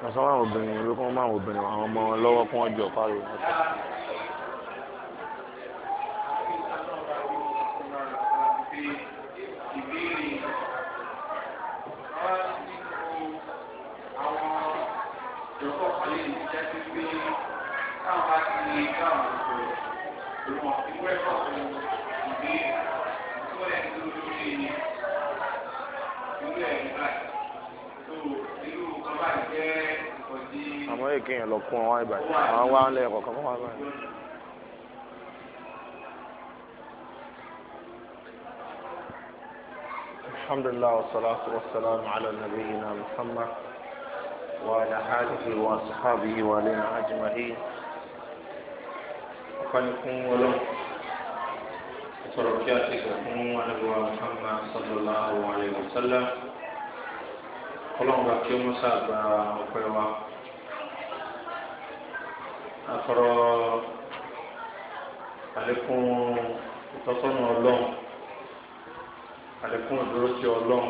wọ́n sọ fún àwọn obìnrin wípé wọ́n máa ń obìnrin àwọn ọmọ lọ́wọ́ kún ọjọ́ parí. الحمد لله والصلاة والسلام على نبينا محمد وعلى آله وأصحابه وعلينا أجمعين وكان يكون ولو تركياتك وكون محمد صلى الله عليه وسلم كلهم بك يوم سابع وكيوه atọrọ àlékún ìtọ́sọ́nà ọlọ́run àlékún ìdúró sí ọlọ́run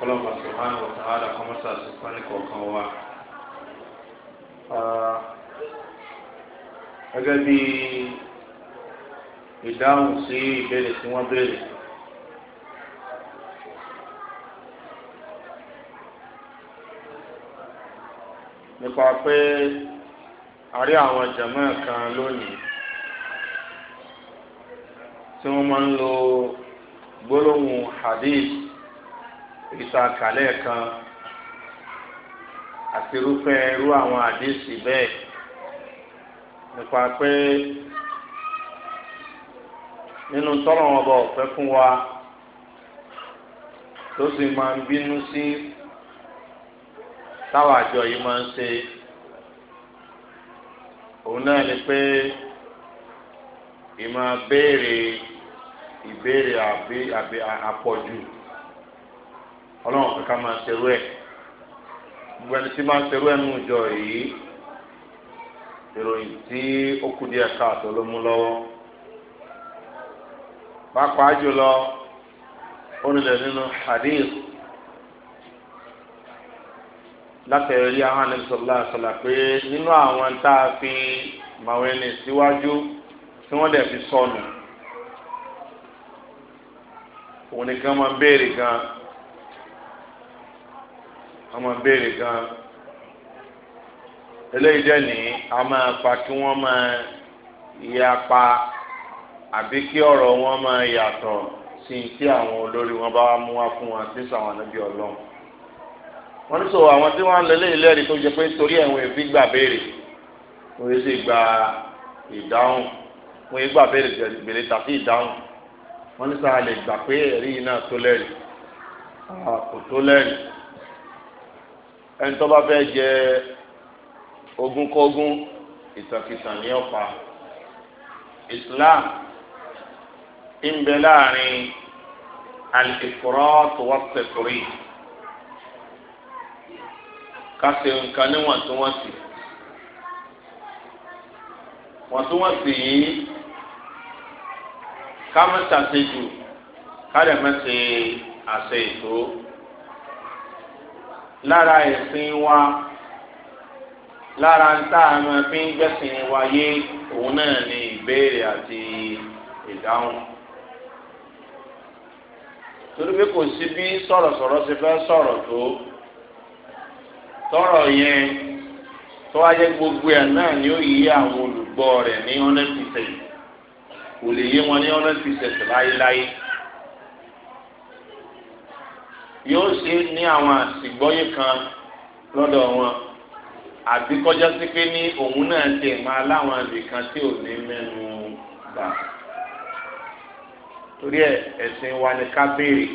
ọlọ́run bàtà hàn wọ̀tá hàn àkọ́mọ́sà àsìkò nìkọ̀ọ̀kan wa. gẹ́gẹ́ bí ìdáhùn sí ìbéèrè tí béèrè. nípa pé àrí àwọn jàmáà kan lónìí tí wọn máa ń lo gbólóhùn hadith ìtàkàlẹ̀ kan àti irúfẹ́ irú àwọn àdéhùn bẹ́ẹ̀ nípa pé nínú tọ́lọ̀ wọn bọ̀ ọ̀fẹ́ fún wa tó sì máa ń bínú sí táwọn àjọ yìí máa ń ṣe. òun náà ni pé ìmọ̀ béèrè ìbéèrè àbí àbí àpọ̀jù ọlọ́run kankan máa ṣerú ẹ̀ gbogbo ẹni tí máa ń ṣerú ẹ̀ nù jọ yìí ìròyìn tí ó kù díẹ̀ káàtó ló mú lọ́wọ́ pàápàá jùlọ ó nílẹ̀ nínú hadith. látẹ̀rí àwọn anẹ́sọ̀lá àṣọlá pé nínú àwọn tá a fi màwọn ẹni síwájú tí wọ́n dẹ̀ fi sọnù òun nìkan máa ń béèrè gan wọ́n máa ń béèrè gan eléyìí dẹ́ ní a máa pa kí wọ́n máa yapa àbí kí ọ̀rọ̀ wọn máa yàtọ̀ sí ti àwọn olórí wọn bá wá mú wá fún wa sí sàwọn ànábì ọlọ́run. wọ́n ní sọ àwọn tí wọ́n á lọ léyìn lẹ́rìí tó jẹ pé torí ẹ̀wọ̀n èfi gbà béèrè wọ́n yé sì gba ìdáhùn wọ́n yé gbà béèrè gbèrè tàbí ìdáhùn wọ́n ní sáà lè gbà pé ẹ̀rí yìí náà tó lẹ́rìí kò tó lẹ́rìí ẹni tó bá fẹ́ jẹ ogún ìtàkìtàn ní ọ̀pá Islam ń bẹ láàrin al-ifrat wa at-tafrit kásẹ nǹkan níwọ̀ntúnwọ̀nsì wọ̀ntúnwọ̀nsì yìí kámẹ́sàsẹ́jù kárẹ̀mẹ́sẹ̀ àṣẹ ètò lára ẹ̀sìn wa lára ń tá a máa fi ń gbẹ̀sìn wáyé òun náà ni ìbéèrè àti ìdáhùn torí pé kò sí bí sọ̀rọ̀sọ̀rọ̀ ṣe fẹ́ sọ̀rọ̀ tó tọrọ yẹn tó wá jẹ gbogbo ẹ náà ni ó yí àwọn olùgbọ́ rẹ̀ ní hundred percent kò lè yé wọn ní hundred percent láéláé yóò ṣe ní àwọn àsìgbọ́yé kan lọ́dọ̀ wọn àbí kọjá sí pé ní òun náà ti máa láwọn àbìkan tí ò ní mẹ́nu gbà torí ẹ ẹ̀sìn wa ni ká béèrè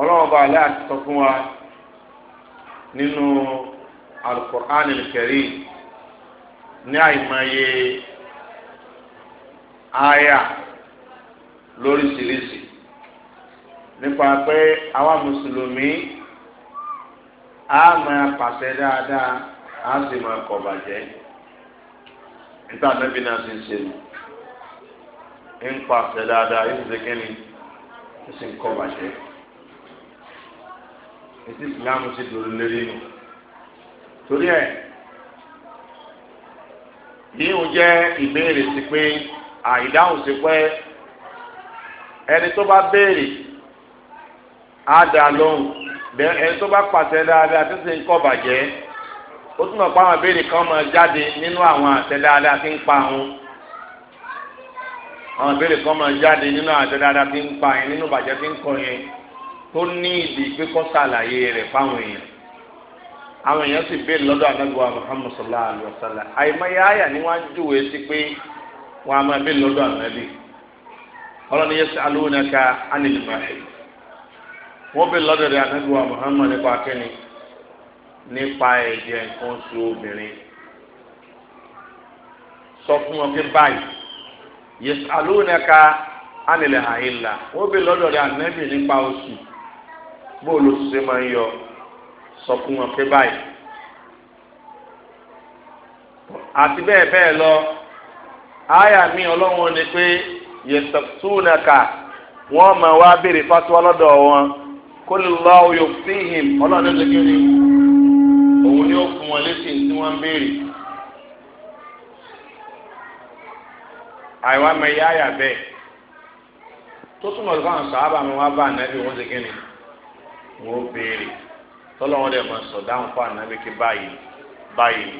ọlọ́run bá aláàtọ̀ fún wa nínú alukur'an kẹrí ní àìmọye aya lóríṣiríṣi nípa pé àwa mùsùlùmí a máa pàṣẹ dáadáa a sì máa kọ̀ bàjẹ́ níta níbi náà ti ń ṣe nù ń pàṣẹ dáadáa ètí ìsìlámù ti dòrò lérí nù torí ẹ yìí ń jẹ ìbéèrè sí pé àìdáhùn sí pé ẹni tó bá béèrè á dá lóhùn ẹni tó bá pàṣẹ dáadáa tó ṣe ń kọ́ bàjẹ́ ó túnbọ̀ pa àwọn abéèrè kan máa jáde nínú àwọn àṣẹ dáadáa tí ń pa àwọn àwọn abéèrè kan máa jáde nínú àṣẹ dáadáa tí ń pa yẹn nínú bàjẹ́ tí ń kọ yẹn tó ní ìdí pé kó ṣàlàyé rẹ̀ fáwọn èèyàn àwọn èèyàn sì béèrè lọ́dọ̀ anábìwá muhammad sallallahu alayhi wa sallam àìmọye àyà ni wọ́n á júwe sí pé wọ́n á máa béèrè lọ́dọ̀ anábì ọlọ́ni yas'alunaka anil mahid wọ́n béèrè lọ́dọ̀ rẹ̀ nípa nípa ẹ̀jẹ̀ nǹkan oṣù obìnrin sọ fún wọn pé báyìí wọ́n lọ́dọ̀ rẹ̀ anábì nípa oṣù bóòlù ṣe máa ń yọ sọ fún wọn pé báyìí àti bẹ́ẹ̀ bẹ́ẹ̀ lọ àyà mi ọlọ́run ni pé yẹtọ̀túnaka wọ́n máa wá béèrè fatuwa lọ́dọ̀ wọn kó lè lọ oyò fíhìm ọlọ́run ní kékeré òun ni ó fún wọn létí tí wọ́n ń béèrè. àìwá mẹ́yà àyà bẹ́ẹ̀ tó túmọ̀ sí fáwọn sábà máa bá ànábì wọn ṣe kékeré wọ́n béèrè tọ́lọ́wọ́n dẹ̀ máa sọ dáhùn fún ànábì kí báyìí báyìí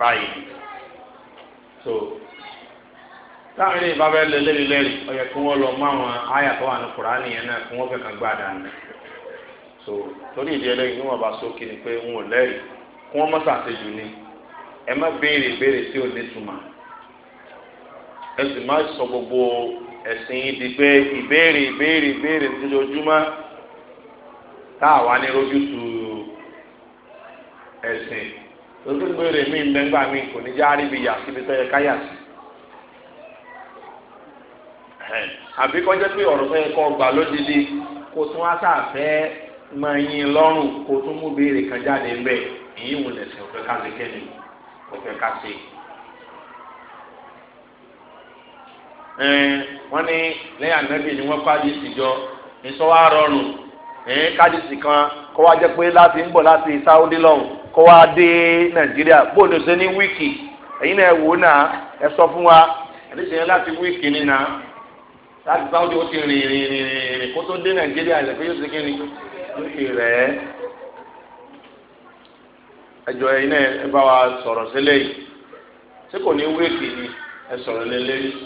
báyìí so táwọn ilé ìbáfẹ́ lé lérí lérí ó yẹ kí wọ́n lọ mú àwọn àyà tó wà ní Kùránì yẹn náà kí wọ́n fẹ́ kàn gbà dànù so torí ìdí ẹlẹ́yìn ní wọ́n bá sókè ni pé wọn ò lẹ́rìí kí wọ́n mọ́ sàṣejù ni ẹ má béèrè béèrè tí ò ní túmọ̀ ẹ sì má sọ gbogbo ẹ̀sìn yìí di pé ìbéèrè ìbéèrè ìbéèrè lójoojúmọ́. táwa ní rojútu ẹ̀sìn tó ti gbére mí ń bẹ́ngbà mí kò ní járí bi yà síbi tó yẹ ká yà sí. àbí kọjá pé ọ̀rọ̀ fẹ́ kọ́ gbà lódìdí kó tún á sàfẹ́ mọ yín lọ́rùn tún mú béèrè kan jáde wò lẹ̀sìn òfẹ́ kẹ́ni òfẹ́ wọ́n ní lẹ́yìn ànábì ni ẹ̀ẹ́n kádìsì kan kó wá jẹ́ pé láti ń bọ̀ láti Saudi lọ́hùn kó wá dé Nàìjíríà bóòdù ṣe ní wíìkì ẹ̀yin náà wò náà ẹ sọ fún wa yẹn láti wíìkì ni náà láti Saudi ó ti rìn rìn rìn rìn kó tó dé Nàìjíríà ẹ̀ pé yóò ṣe kí ni wíìkì rẹ̀ ẹ́ ẹjọ́ ẹ̀yin náà ẹ bá wa sọ̀rọ̀ sílẹ̀ yìí kò ní wíìkì ni ẹ sọ̀rọ̀ lélẹ́yìn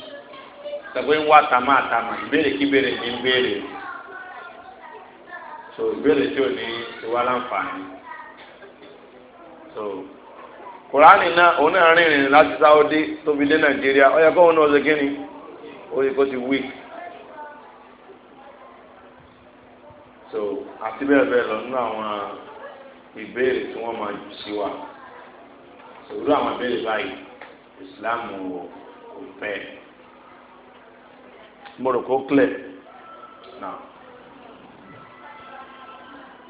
sọ wá tàmá tàmá ìbéèrè so ìbéèrè tí ò ní ìwà láǹfààní so kùránì náà òun náà rìnrìn láti sáwọ́dé tóbi dé nàìjíríà ó yẹ kó òun náà ṣe kí ni ó yẹ kó ti wí so àti bẹ́ẹ̀ bẹ́ẹ̀ lọ nínú àwọn ìbéèrè tí wọ́n máa sí wa sòwúrò àwọn ìbéèrè báyìí ìsìláàmù kò fẹ́ mo rò kó clear náà.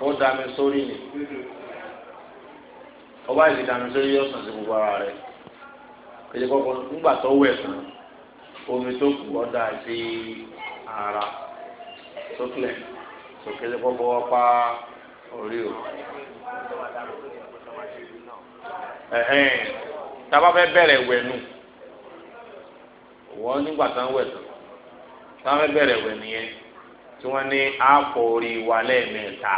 ó dá mi sórí ni ọba ìlú dá mi sórí yóò sàn sí gbogbo ara rẹ̀ kejì kọ́kọ́ nígbà tó wẹ̀ tán omi tó kù ọ́ dà sí ara sókè sókèlè kọ́kọ́ wọ́n pa orí o. tábà fẹ́ bẹ̀rẹ̀ wẹ̀ nù wọ́n nígbà tán wẹ̀ tán tábà fẹ́ bẹ̀rẹ̀ wẹ̀ nìyẹn tí wọ́n ní àpò orí wa lẹ́ẹ̀mẹ́ta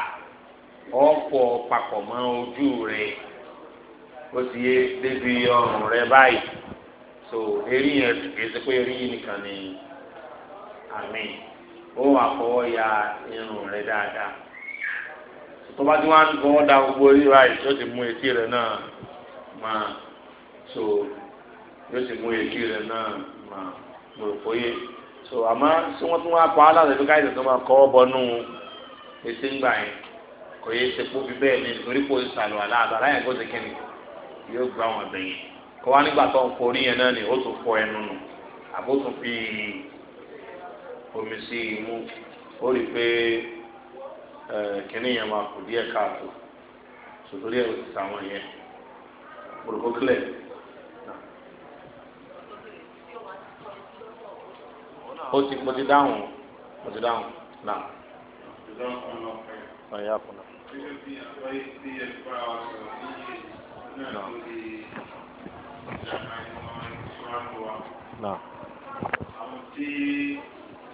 ọ̀pọ̀ papọ̀ mọ́ ojú rẹ̀ ó ti yé débi ọrùn rẹ̀ báyìí so eré yẹn èsì pé eré yìí nìkan ni àmì ó wà fọwọ́ ya irun rẹ̀ dáadáa tó bá tí wọ́n á fọwọ́ da gbogbo orí báyìí tó ti mú etí rẹ̀ náà máa so yóò sì mú etí rẹ̀ náà máa gbòòfó yé so àmọ́ tí wọ́n tún wá pa á láti fi káyọ̀ tó máa kọ́ bọ́nú etí ńgbà yẹn kò se ṣe kó fi bẹ́ẹ̀ ní torí kò sàlù aláàbà láyé kó ṣe kíni yóò gba àwọn ẹ̀bẹ̀ yẹn kó wá nígbà tó ń forí yẹn náà ni ó tún fọ ẹnu nù àbó tún fi omi sí imú ó rí i pé kíní yẹn máa kù díẹ̀ káàtó sòtòrí ẹ̀ ó ti sàwọn yẹn gbòdògbò kílẹ̀. ó ti mo ti dáhùn mo ti dáhùn náà. ọ̀ya kùnà náà. àwọn tí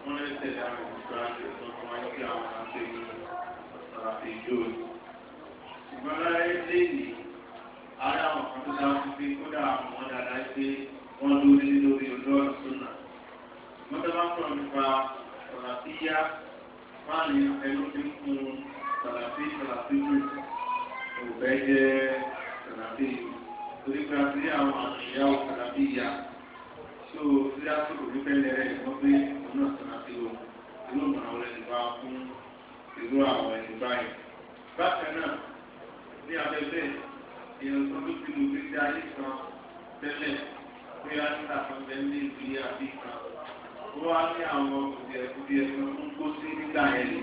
wọ́n lè tẹ̀lé àwọn ìgbà àti ìtọ́jú wọn kí àwọn àti ìjọ ṣùgbọ́n láyé lẹ́yìn ara àwọn kan tó dáhùn pé kódà àwọn ọmọ dáadáa pé wọ́n lórí lórí ojú ọ̀rọ̀ sọ́nà. wọ́n tẹ́ wọ́n sọ̀rọ̀ nípa ọ̀rọ̀ àti yá máa ní ẹnu tí ń fún un sàlàfí sàlàfí jù òbẹ́ jẹ́ sàlàfí torí pé a ti rí àwọn àṣìyá sàlàfí ìyá tó tí a tó kò ní pẹ́lẹ́ rẹ̀ wọ́n pé òun náà sàlàfí o inú ìmọ̀ràn wọlé ti bá fún irú àwọn ẹni báyìí. bákan náà ní abẹ́bẹ́ èèyàn tó ló ti lò gbégbé ayé kan tẹ́lẹ̀ pé a ní àtọ̀jẹ́ ní ìdílé àbí kan ó wá ní àwọn kùdìẹ̀kùdìẹ̀ kan ń kó sí nígbà yẹn lò.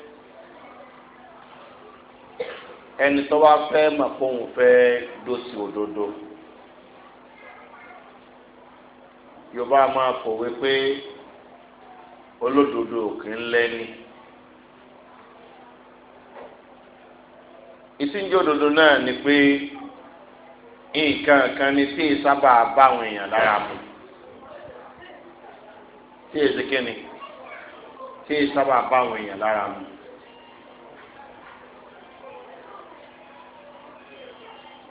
ẹni tó wá fẹ́ mọ̀ pé òun fẹ́ dóṣì òdodo yorùbá máa kọ̀wé pé olódodo òkè ńlẹ́ni ìsíjú òdodo náà ni pé nǹkan kan ni tí sábà bá àwọn èèyàn lára mu tí èsì kínni tí sábà bá àwọn èèyàn lára mu.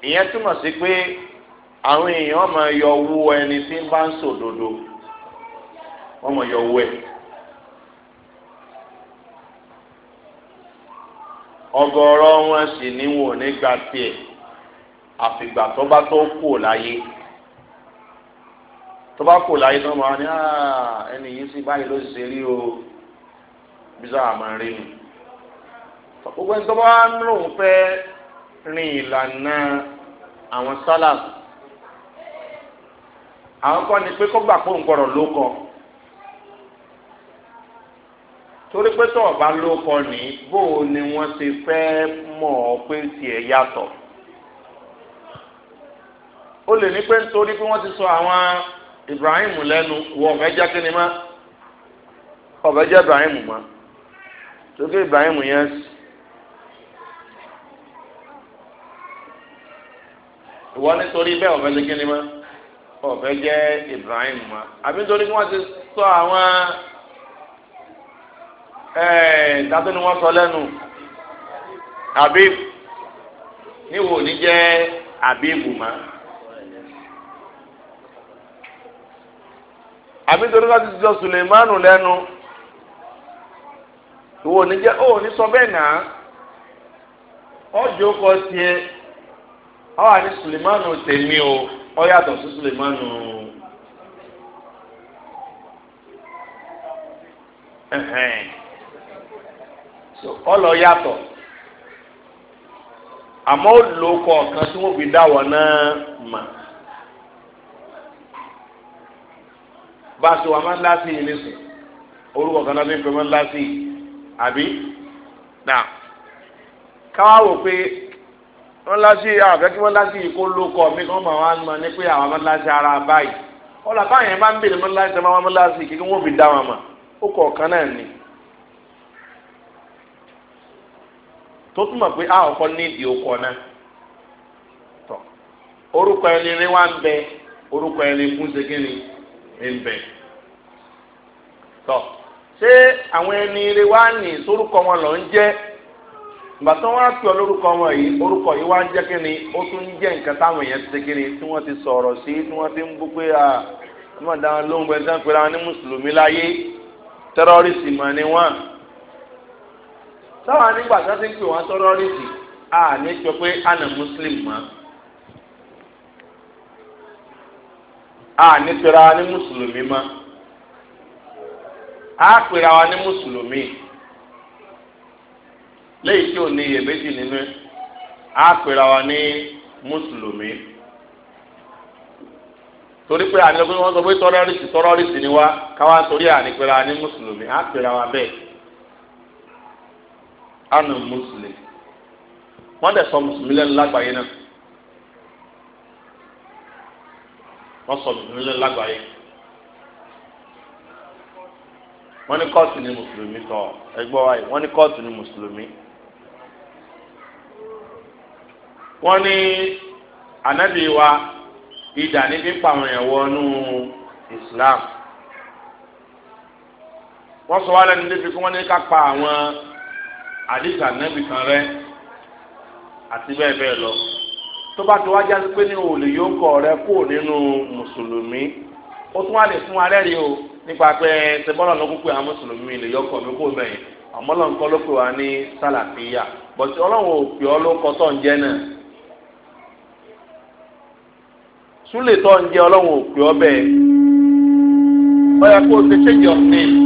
ìyẹn túmọ̀ sí pé àwọn èèyàn máa yọ owó ẹni tí ń bá ń sòdodo dodo ọmọ yọ owó ẹ̀. ọ̀gọ̀rọ̀ wọn sì ní gba àfìgbà tó bá tó kù láyé tó bá kù láyé tó máa ní ah, ẹni yìí sí báyìí ló ṣe rí o bísà rí mi gbogbo ẹni tó bá ń rìn ìlànà àwọn sálà àwọn kan ní pé kó gbà pé nǹkan ló kọ torí pé tó ọba ló kọ ní bó o ni wọ́n ṣe fẹ́ mọ̀ ọ́ pé tiẹ̀ yàtọ̀ o lè ní pé nítorí pé wọ́n ti sọ àwọn Ibrahim lẹ́nu wọ́n fẹ́ jẹ́ kí ni má ọ̀fẹ́ jẹ́ Ibrahim mọ́ torí pé Ibrahim yẹn ìwọ nítorí bẹ́ẹ̀ ọ̀fẹ́ ṣe kíni mọ́ ọ̀fẹ́ jẹ́ Ibrahim ma àbí nítorí kí ti sọ àwọn eh, tàbí ni wọ́n sọ lẹ́nu Habib níwò ní jẹ́ Habib mọ́. àbí nítorí wọ́n ti sọ Suleimanu lẹ́nu ìwọ ní jẹ́ ó ní sọ bẹ́ẹ̀ náà kọ tiẹ̀. àwọn àní Sulemanu tèmi o ọ yàtọ̀ sí Sulemanu so ọlọ yàtọ̀ àmọ́ ó lò kọ̀ọ̀kan tí wọ́n fi dá wọn náà mà. báṣọ wa máa ń lásì yìí nísìn orúkọ kan náà fi ń pè máa ń yìí àbí nà káwá wò pé mọ́láṣí àfẹ́ kí mọ́láṣí yìí kó ló mi kí wọ́n máa wá ní pé ara báyìí máa ń bèrè máa kí wọ́n fi dá wọn mọ̀ ó kọ̀ ọ̀kan náà ni. tó túmọ̀ pé a ní ìdí okọ̀ náà tọ̀ orúkọ ẹni rí wá ń bẹ orúkọ ẹni fún ìgbà tí wọ́n á lórúkọ wọn yìí orúkọ yìí wá ń jẹ́ kíni ó tún ti ṣe si tí wọ́n ti sọ̀rọ̀ sí tí wọ́n ti ń bú pé à ọmọ dáhùn ló ń ní ni wọ́n. sáwọn nígbà ti ń pè wọ́n tẹ́rọ́rìsì à ní sọ pé àná mùsùlùmí mọ́. à ní pera ní mùsùlùmí mọ́. à lẹ́yìn tí ò ní iyèméjì nínú ẹ̀ á pèrà wa ní mùsùlùmí torí pé àná pé wọ́n sọ pé tọ́rọ́rìsì tọ́rọ́rìsì ni wá káwá torí àní pèrà wa ní mùsùlùmí á pèrà wa bẹ́ẹ̀ àná mùsùlùmí wọ́n dẹ̀ sọ mùsùlùmí lẹ́nu lágbàáyé náà wọ́n sọ mùsùlùmí lẹ́nu lágbàáyé wọ́n ní kóòtù ní mùsùlùmí tọ̀ ẹgbọ́ wa yìí wọ́n ní kóòtù ní mùsùlùmí. wọ́n ní ànábì wa ìdà níbi ń èèyàn wọnú Islam wọ́n sọ wá lẹ́nu kí wọ́n ní kápá àwọn àdìsá kan rẹ àti bẹ́ẹ̀ bẹ́ẹ̀ lọ tó bá tó wá pé ní òòlù yóò kọ rẹ kó nínú mùsùlùmí ó tún wá lè fún o nípa pé ló kúkú mùsùlùmí lè yọkọ̀ ní sálàfíà bọ̀tí ọlọ́run ò pè súlè tó ń jẹ ọlọ́run òkè ọbẹ̀ báyà kó o ṣe change of name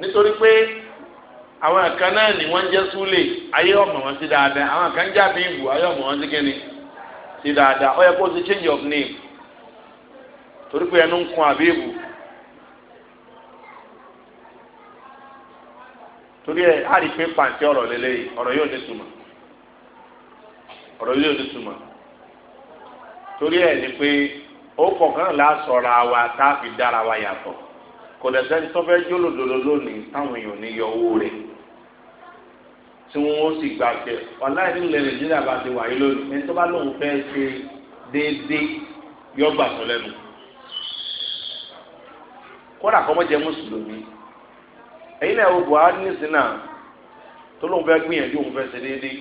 nítorí pé àwọn kan náà ni wọ́n jẹ́ súlè ayé ọmọ wọn sí dáadáa àwọn kan jẹ́ àbíyìnbù ayé ọmọ wọn sí kíni sí dáadáa ó kó o ṣe change of name torí pé ẹnu ń kun àbíyìnbù torí ẹ á rí pé pàǹtí ọ̀rọ̀ lélẹ́yìí ọ̀rọ̀ yóò ní torí ẹ̀ ni pé ó kọ̀ọ̀kan là sọ̀rọ̀ àwa tá a fi dára wa yàtọ̀ kò dẹ̀ sẹ́ni tó fẹ́ jólódodo lónìí táwọn èèyàn ní yọ owó rẹ̀ tí wọn ó sì gbà pé ọ̀la ìdílé nàìjíríà bá ti wáyé lónìí ẹni tó bá lóun fẹ́ ṣe déédéé yọ gbà tó lẹ́nu kódà kọ́ mọ́jẹ mùsùlùmí ẹ̀yin náà wò buhari nísìnyí náà tó lóun fẹ́ gbìyànjú òun fẹ́ ṣe déédéé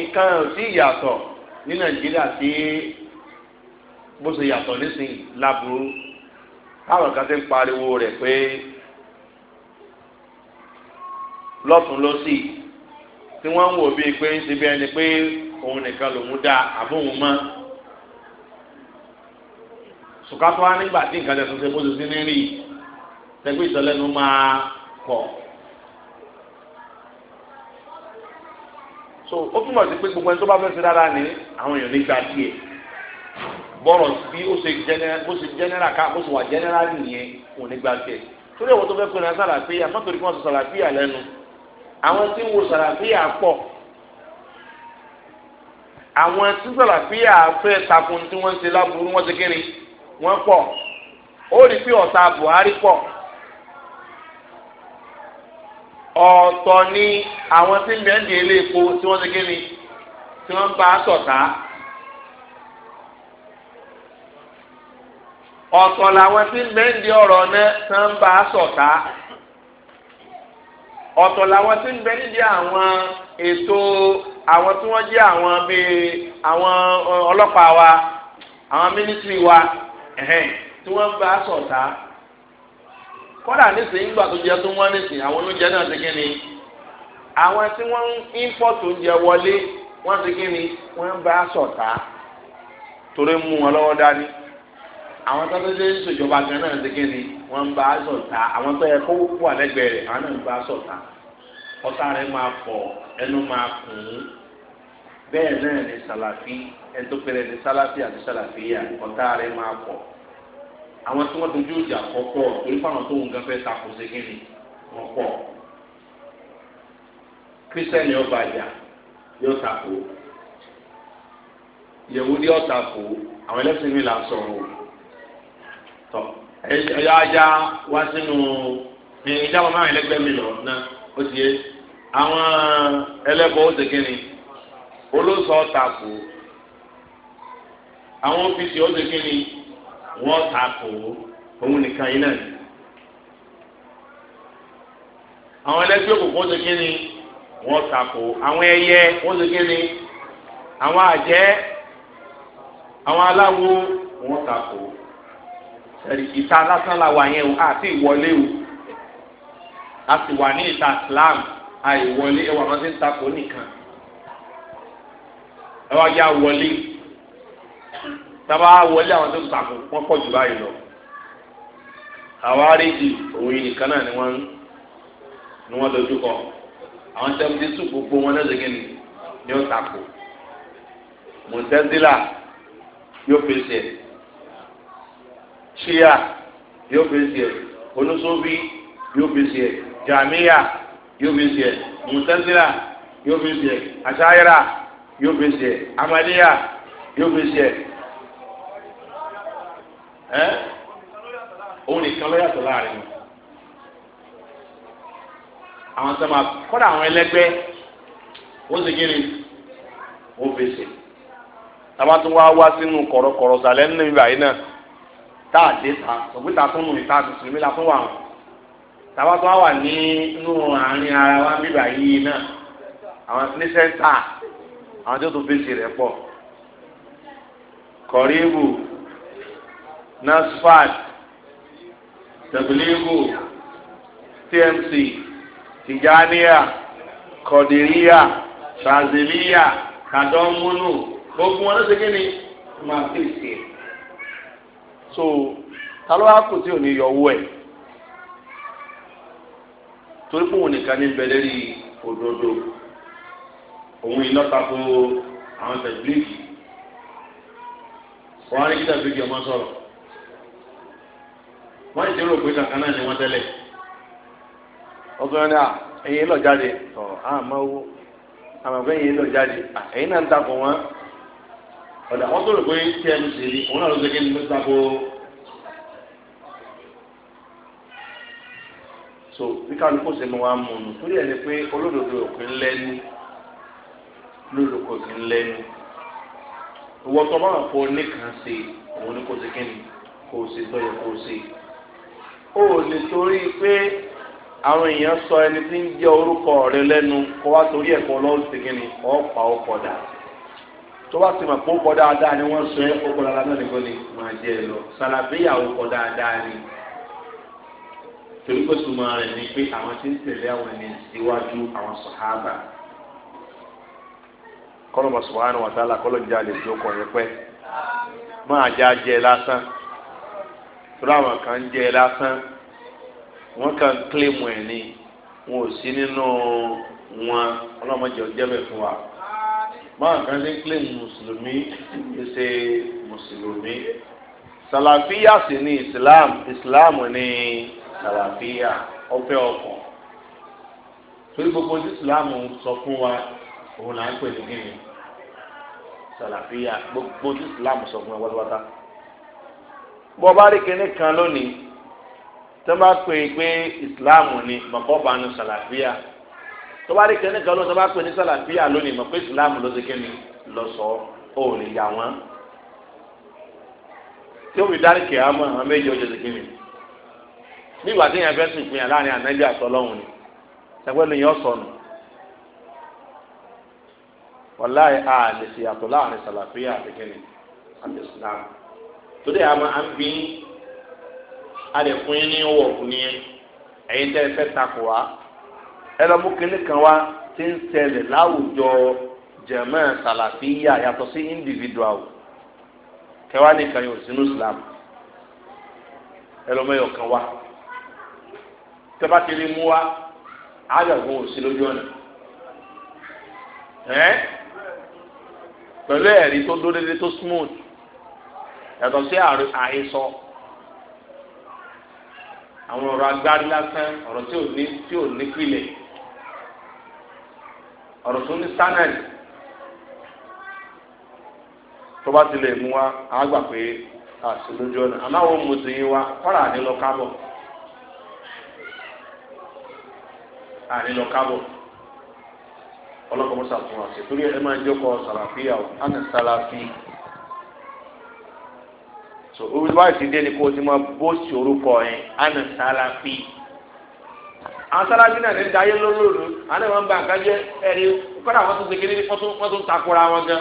nǹkan ò sí ìyàtọ̀ ní nàìjíríà tí bó ṣe yàtọ̀ nísìnyí láburú káwọn kan ti ń pariwo rẹ̀ pé lọ́tún lọ́sì tí wọ́n ń wò bíi pé síbi ẹni pé òun nìkan lòún dá àbóhùn mọ́ sùkátọ́ á nígbà tí nǹkan tẹ̀sán ṣe bó ṣe sí ní rí tẹ́gbẹ́ ìtọ́lẹ́nu máa pọ̀. so ó túmọ̀ sí pé gbogbo ẹni tó bá fẹ́ ṣe dáadáa ní àwọn èèyàn nígbà díẹ̀ bọ́rọ̀ bí ó ṣe general bó ṣe general ká bó ṣe wà general nìyẹn òun nígbà díẹ̀ torí àwọn tó fẹ́ pinnu sàlàfíà mọ́tòrí kí wọ́n sọ sàlàfíà lẹ́nu àwọn tí ń wo sàlàfíà pọ̀ àwọn tí sàlàfíà fẹ́ takun tí wọ́n ń ṣe láburú wọ́n ti kéré wọ́n pọ̀ ó rí pé ọ̀tá Buhari pọ̀ ọ̀tọ̀ ni àwọn tí ń bẹ ń di ilé epo tí wọ́n ti gé mi tí wọ́n bá sọ̀tá. ọ̀tọ̀ làwọn tí ń bẹ ń di ọ̀rọ̀ náà tí wọ́n bá sọ̀tá. ọ̀tọ̀ làwọn tí ń bẹ ń di àwọn ètò àwọn tí wọ́n jẹ́ àwọn bíi àwọn ọlọ́pàá wa àwọn mínísírì wa tí wọ́n bá sọ̀tá. So kọ́dà nísìnyí gbà tó jẹ tó wọ́n nísìnyí àwọn oúnjẹ náà ti kíni àwọn tí wọ́n ń import oúnjẹ wọlé wọ́n ti kíni wọ́n ń bá ṣọ̀tá torí mú wọn lọ́wọ́ dání àwọn tó tẹ́lẹ̀ ń gan náà ti wọ́n ń bá àwọn tó yẹ kó wà lẹ́gbẹ̀ẹ́ rẹ̀ àwọn náà ń bá ọ̀tá rẹ̀ àwọn tí wọ́n dojú ìjà kọ́kọ́ torí fáwọn tó ń gan fẹ́ takò sí kíni wọ́n pọ̀ kírísítẹ́nì ọba àjà yóò takò yẹ̀wúdí ọ̀tà kò àwọn ẹlẹ́sìn mi là ń sọ̀rọ̀ tọ́ ẹ̀yà ajá wá sínú ìjábọ̀ máa ẹlẹ́gbẹ́ mi lọ náà ó ti yé àwọn ẹlẹ́bọ̀ ó ti kíni olóòsàn ọ̀tà kò àwọn ọ́fíìsì ó ti kíni wọ́n ta kò òun nìkan yìí náà. àwọn ẹlẹ́gbẹ́ òkùnkùn ó ṣe kí ni wọ́n ta kò àwọn ẹyẹ ó ṣe kí ni àwọn àjẹ́ àwọn aláwo wọ́n ta kò ìta lásán la wà yẹn o àti ìwọlé o a sì wà ní ìta Islam àìwọlé ẹwà máa ti ń takò nìkan ẹwà yà wọlé tábà wọlé àwọn tó sàkó wọn pọ̀ jù báyìí lọ àwọn àríjì òun nìkan náà ni wọ́n ni wọ́n dojú kọ àwọn sẹ́wọ́ntì sùn gbogbo wọn náà ṣègbè ni ó sàkó mùtẹ́sílà yóò fèsì ẹ̀ ṣíà yóò fèsì ẹ̀ oníṣòwò yóò fèsì ẹ̀ jàmíyà yóò fèsì ẹ̀ mùtẹ́sílà yóò fèsì ẹ̀ àṣàyẹ̀rà yóò fèsì ẹ̀ amadíyà yóò fèsì ẹ̀. ẹ́ òun nìkan ló yàtọ̀ láàrin àwọn sọ ma kọ́dà àwọn ẹlẹ́gbẹ́ ó sì o ó fèsì tábà tún wá wá sínú kọ̀rọ̀kọ̀rọ̀ sàlẹ̀ nínú ibà yìí náà tá a dé ta òkúta tó nù ìta la fún wa wà ní inú àárín ara wa yìí náà àwọn ní sẹ́ńtà àwọn tó tún fèsì rẹ̀ pọ̀ kọ̀rí nasfat tabiligu tmc tijaniya kọdiriya traziliya kadọmunu gbogbo wọn lọsẹ kí ni máa fi ṣe so talo akò tí ò ní yọ owó ẹ torí pé òun nìkan ní bẹ lérí òdodo òun yìí lọ́ta kó àwọn tẹ̀lé wọn á ní kí tẹ̀lé ọmọ sọ̀rọ̀. wọ́n ti rò pé kankan náà ni wọ́n tẹ́lẹ̀ ọgbọ́n náà ẹ̀yin lọ jáde tọ̀ àmọ́ owó àmọ́ lọ jáde ẹ̀yin náà ń takò ọ̀dà wọ́n tó rò pé tí òun náà ló ṣe kí takò so bí kálukú ṣe mú un torí pé olódodo òkè ńlẹ́nu olódodo ńlẹ́nu ìwọ́tọ̀ máa fọ oníkan ṣe òun kò ṣe kí ni kò o lè torí pé àwọn èèyàn sọ ẹni tí ń jẹ́ orúkọ rẹ lẹ́nu kó wá torí tó bá ti pé ó dáadáa ni wọ́n sọ ẹ́ ó kọ dáadáa náà nìkan ni máa jẹ ẹ lọ sàlàbíyà ó dáadáa ni torí pé súnmọ́ rẹ̀ ni pé àwọn tí ń àwọn ẹni síwájú àwọn sàhábà wàtálà lè jókòó máa já tó láwọn kan ń jẹ ẹ lásán wọn kàn kílèmù ẹ ní wọn ò sí nínú wọn ọlọ́mọdé ọjọ́ bẹ̀ fún wa máa kan ní kílèmù mùsùlùmí ṣe mùsùlùmí sàlàfíà sì ní islam islam ní sàlàfíà ọ̀fẹ́ ọkàn torí gbogbo tí islam sọ fún wa òun là ń pè ní gíní sàlàfíà gbogbo tí islam sọ fún wa wátáwátá bọ́ bá rí kinní kan lónìí tó bá pè é pé ìsìláàmù ni mọ̀kọ́ bá nu sàlàfíà tó bá rí kinní kan lónìí tó bá pè ní sàlàfíà lónìí mọ̀ pé ìsìláàmù ló ti kíni lọ sọ ọ́ ò lè yà wọ́n tí ó fi dárí kìámọ́ àwọn méjì ó jẹ́ ti kíni nígbà tí yẹn fẹ́ sùn ìpínyà láàrin ànábì àtọ́lọ́hún ni ẹgbẹ́ ni yẹn sọnù wàláì àlè ṣèyàtọ̀ láàrin sàlàfíà àti kíni àti ìsìláàmù torí àmọ́ à ń bí alẹ̀kùn yín ní ọwọ́ ọ̀kùn ni ẹ̀yin tẹ́ ẹ fẹ́ takò wá ẹ lọ mú kinní kan wá tí ń ṣẹlẹ̀ láwùjọ jẹ̀mọ́ sàlàfíyà yàtọ̀ sí individual kẹwàá nìkan yóò sínú Islam ẹ lọ mẹ́yọ̀ kan wá tẹ́bá ti rí mú wá àgbàgbọ́n òsì lójú ọ̀nà ẹ́ pẹ̀lú ẹ̀rí tó smooth. yàtọ̀ sí àhesọ àwọn ọ̀rọ̀ agbárí lásán ọ̀rọ̀ tí ò ní tí ò ní pilẹ̀ ọ̀rọ̀ tó ní sánẹ̀lì tó bá ti lè mú wa pé ọ̀nà àmọ́ àwọn wa kọ́ra ànílọ kábọ̀ kábọ̀ torí ẹ máa jókòó sàlàfíà so olùwà ìsìndé ni kò ti mọ bó sì orúkọ yẹn àná sálàfí àwọn sálàfí náà ní dayé lólóòlù àná wọn bá nǹkan jẹ ẹni kọ́dà wọn tún segin ní wọn tún takora wọn gan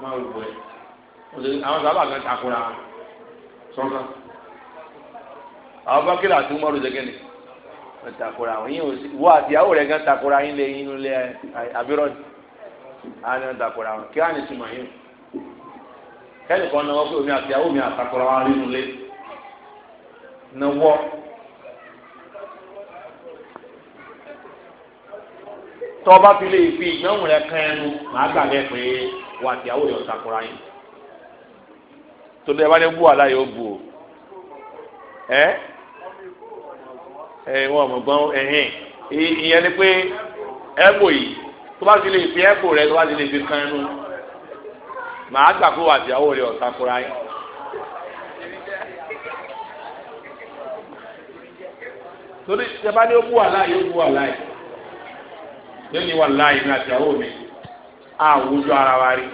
máa ń bọ̀ ẹ́ àwọn sábà gan takora wọn sọ́nà àwọn bákìlà tó mọ́rù jẹ́gẹ́ ni wọ́n takora wọn yín wọ́n àti ìyàwó rẹ̀ gan takora yín lé yín lé abirọ́ọ̀dì àná takora wọn kí wọ́n á ní sùnmọ̀ yín kẹ́nìkan náwó pé omi àti àwọn omi àtàkùrọ̀ wa rí nulẹ̀ náwó. tọ́ba fi lè fi ìgbẹ́hùn rẹ kan ẹnu màá gbà bẹ́ẹ̀ pé wà á ti àwọn èèyàn takora yín tó dé bá ní bú àlá yóò bú o ẹ ẹ wọn ò mọ gbọ́n ẹ̀hìn ìyẹn ni pé ẹ̀bù yìí tó bá fi lè fi ẹ̀bù rẹ tó bá fi lè fi kan ẹnu màá gbà pé wà ìyàwó rẹ ọ̀sán kura yín. torí ìjọba ni ó bú wà láàyè ó bú wà láàyè yóò ní wà láàyè ní àtìyàwó mi àwùjọ ara wa rí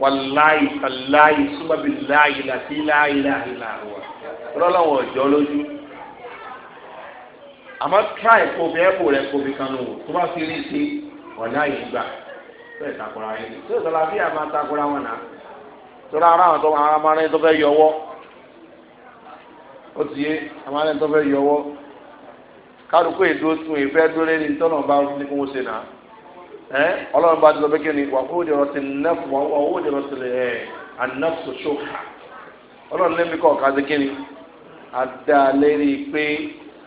wàláyé sàláyé súnmọ́bí láàyè láti láàyè láàyè làwọ̀ rọ́lọ́wọ́ ọ̀jọ́ lójú àmọ́ tíráì kò bí ẹ̀ kò rẹ̀ kò bí kanú tó bá fi rí sí wàláyé gbà. tó la takora yín tó yẹ sàlàfíà máa takora wọn náà torí ara àwọn tó ara máa rẹ tó fẹ́ yọwọ́ ó ti yé àwọn arẹ tó fẹ́ yọwọ́ kálukú èdè tún ìfẹ́ dúró ní tọ́nà bá ní kó ṣe ẹ ọlọ́run bá ni wà kó dẹ̀rọ̀ sí nẹ́fù wà owó dẹ̀rọ̀ sí ẹ̀ ànẹ́fù ṣòkà ọlọ́run lẹ́mí kọ́ ọ̀ka sí kí ni adalẹ́rì pé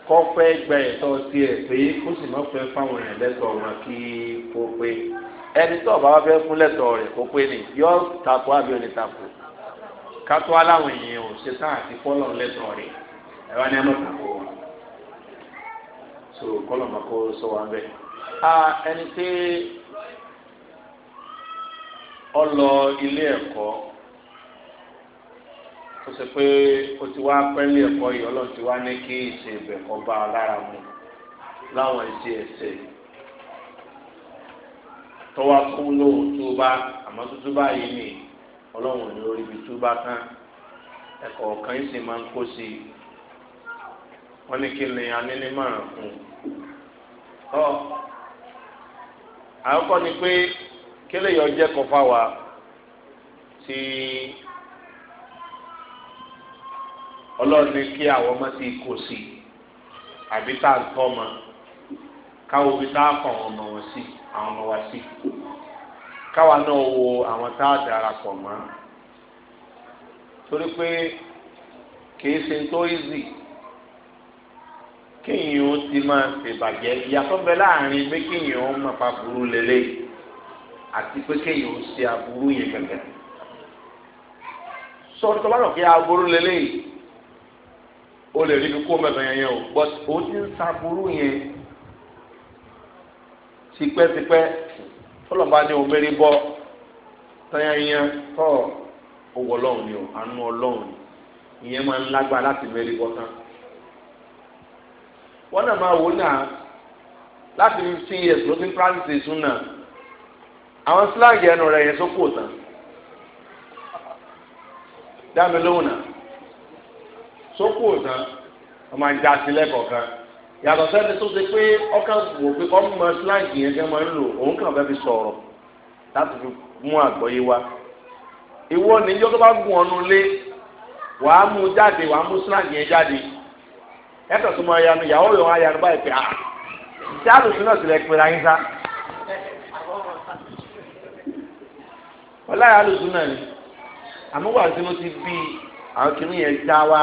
kọ́fẹ́ gbẹ̀yẹ̀ tọ́ sí ẹ̀ pé sì fẹ́ fáwọn ẹni tó ọba wa fẹ́ fún lẹ́tọ̀ọ́ rẹ̀ kó pé ni yọ tako àbí òní tako kátó aláwọn èèyàn ò ṣe tán àti fọlọ́ lẹ́tọ̀ọ́ rẹ̀ ẹ wá ní ẹmọ tako wọn so kọlọ̀ mọ̀ kó sọ wọn bẹ́ẹ̀. a ẹni tí ọ lọ ilé ẹ̀kọ́ tó ṣe pé o ti wá pẹ́lú ẹ̀kọ́ yìí ọlọ́run ti wá ní kí ìṣe ìbẹ̀kọ́ bá ọ lára mu láwọn ìṣe ẹ̀sẹ̀ tọ́wá kú lóhùn túbá àmọ́ túbá yìí ni ọlọ́run ní orí ibi túbá kan ẹ̀kọ́ kan sì máa ń kó sí i wọ́n ní kí ni anínímọ̀ràn fún un. ọ àkọ́kọ́ ni pé kílẹ̀ yọ jẹ́ kọfà wa tí ọlọ́run ní kí àwọn ọmọ ti kó sí i àbí tá a tọ́ ọmọ káwọn òbí tá a kọ̀ ọmọ wọn sí i àwọn ọmọ wa sí káwa náà wo àwọn tá a darapọ̀ mọ́ torí pé kìí ṣe tó easy kéèyàn ó ti máa ṣèbàjẹ́ ìyàtọ̀ bẹ láàrin pé kéèyàn ó máa fa burú lélẹ̀ àti pé kéèyàn ó ṣe aburú yẹn gẹ́gẹ́ sọ́ọ́dún tó bá lọ kí aburú lélẹ̀ o lè rí ibi kó mẹ́fẹ̀ẹ́ yẹn o but ó ti ń sa burú yẹn. tipẹ́tipẹ́ bọ́ tọ́ owó ọlọ́run ni o ọlọ́run ni ìyẹn máa láti bọ́ tán. wọ́n náà máa wò náà láti àwọn ẹnu rẹ̀ yẹn sókò tán lóhùn náà sókò tán yàtọ̀ sẹ́ni tó ṣe pé ọkàn wò pé ọmọ mọ slangi yẹn gẹ́gẹ́ máa ń lò òun kàn fẹ́ fi sọ̀rọ̀ láti fi mú àgbọ́yé wa ìwọ níjọ́ tó bá gùn ọ̀nù lé wàá mú jáde wàá mú slangi yẹn jáde ẹ̀tọ́ tó máa yanu yàwó yòó wá yanu báyìí pé a ah, ṣé àlùsùn náà sì lè pèrè ayé sá ọláyà àlùsùn náà ni àmúwàsí ti bí àwọn kìnìún já wa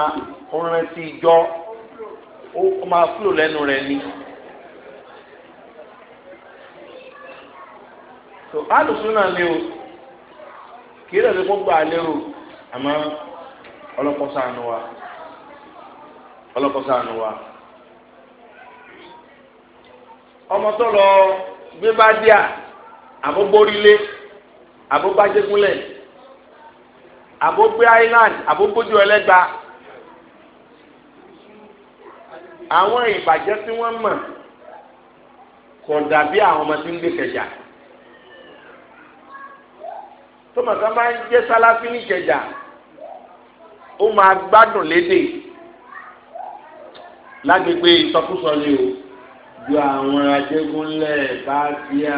ó rántí ijọ́. ó máa kúrò lẹ́nu rẹ̀ ni. tó alùsùn o kì í lọ́dún fún gbà lérò àmọ́ ọlọ́kọ̀sánù wa ọlọ́kọ̀sánù wa ọmọ tó lọ gbé bá díà àbógbórílé àbógbájégúnlẹ̀ island àbógbójú ẹlẹ́gba àwọn ìbàjẹ́ tí wọ́n mọ̀ kò dàbí àwọn ọmọ tí ń gbé kẹjà tó mọ̀ ká máa ń jẹ́ sáláfí ní kẹjà ó máa gbádùn lédè lágbègbè ìsọkúsọ ni o ju àwọn ajégúnlẹ̀ bàbíà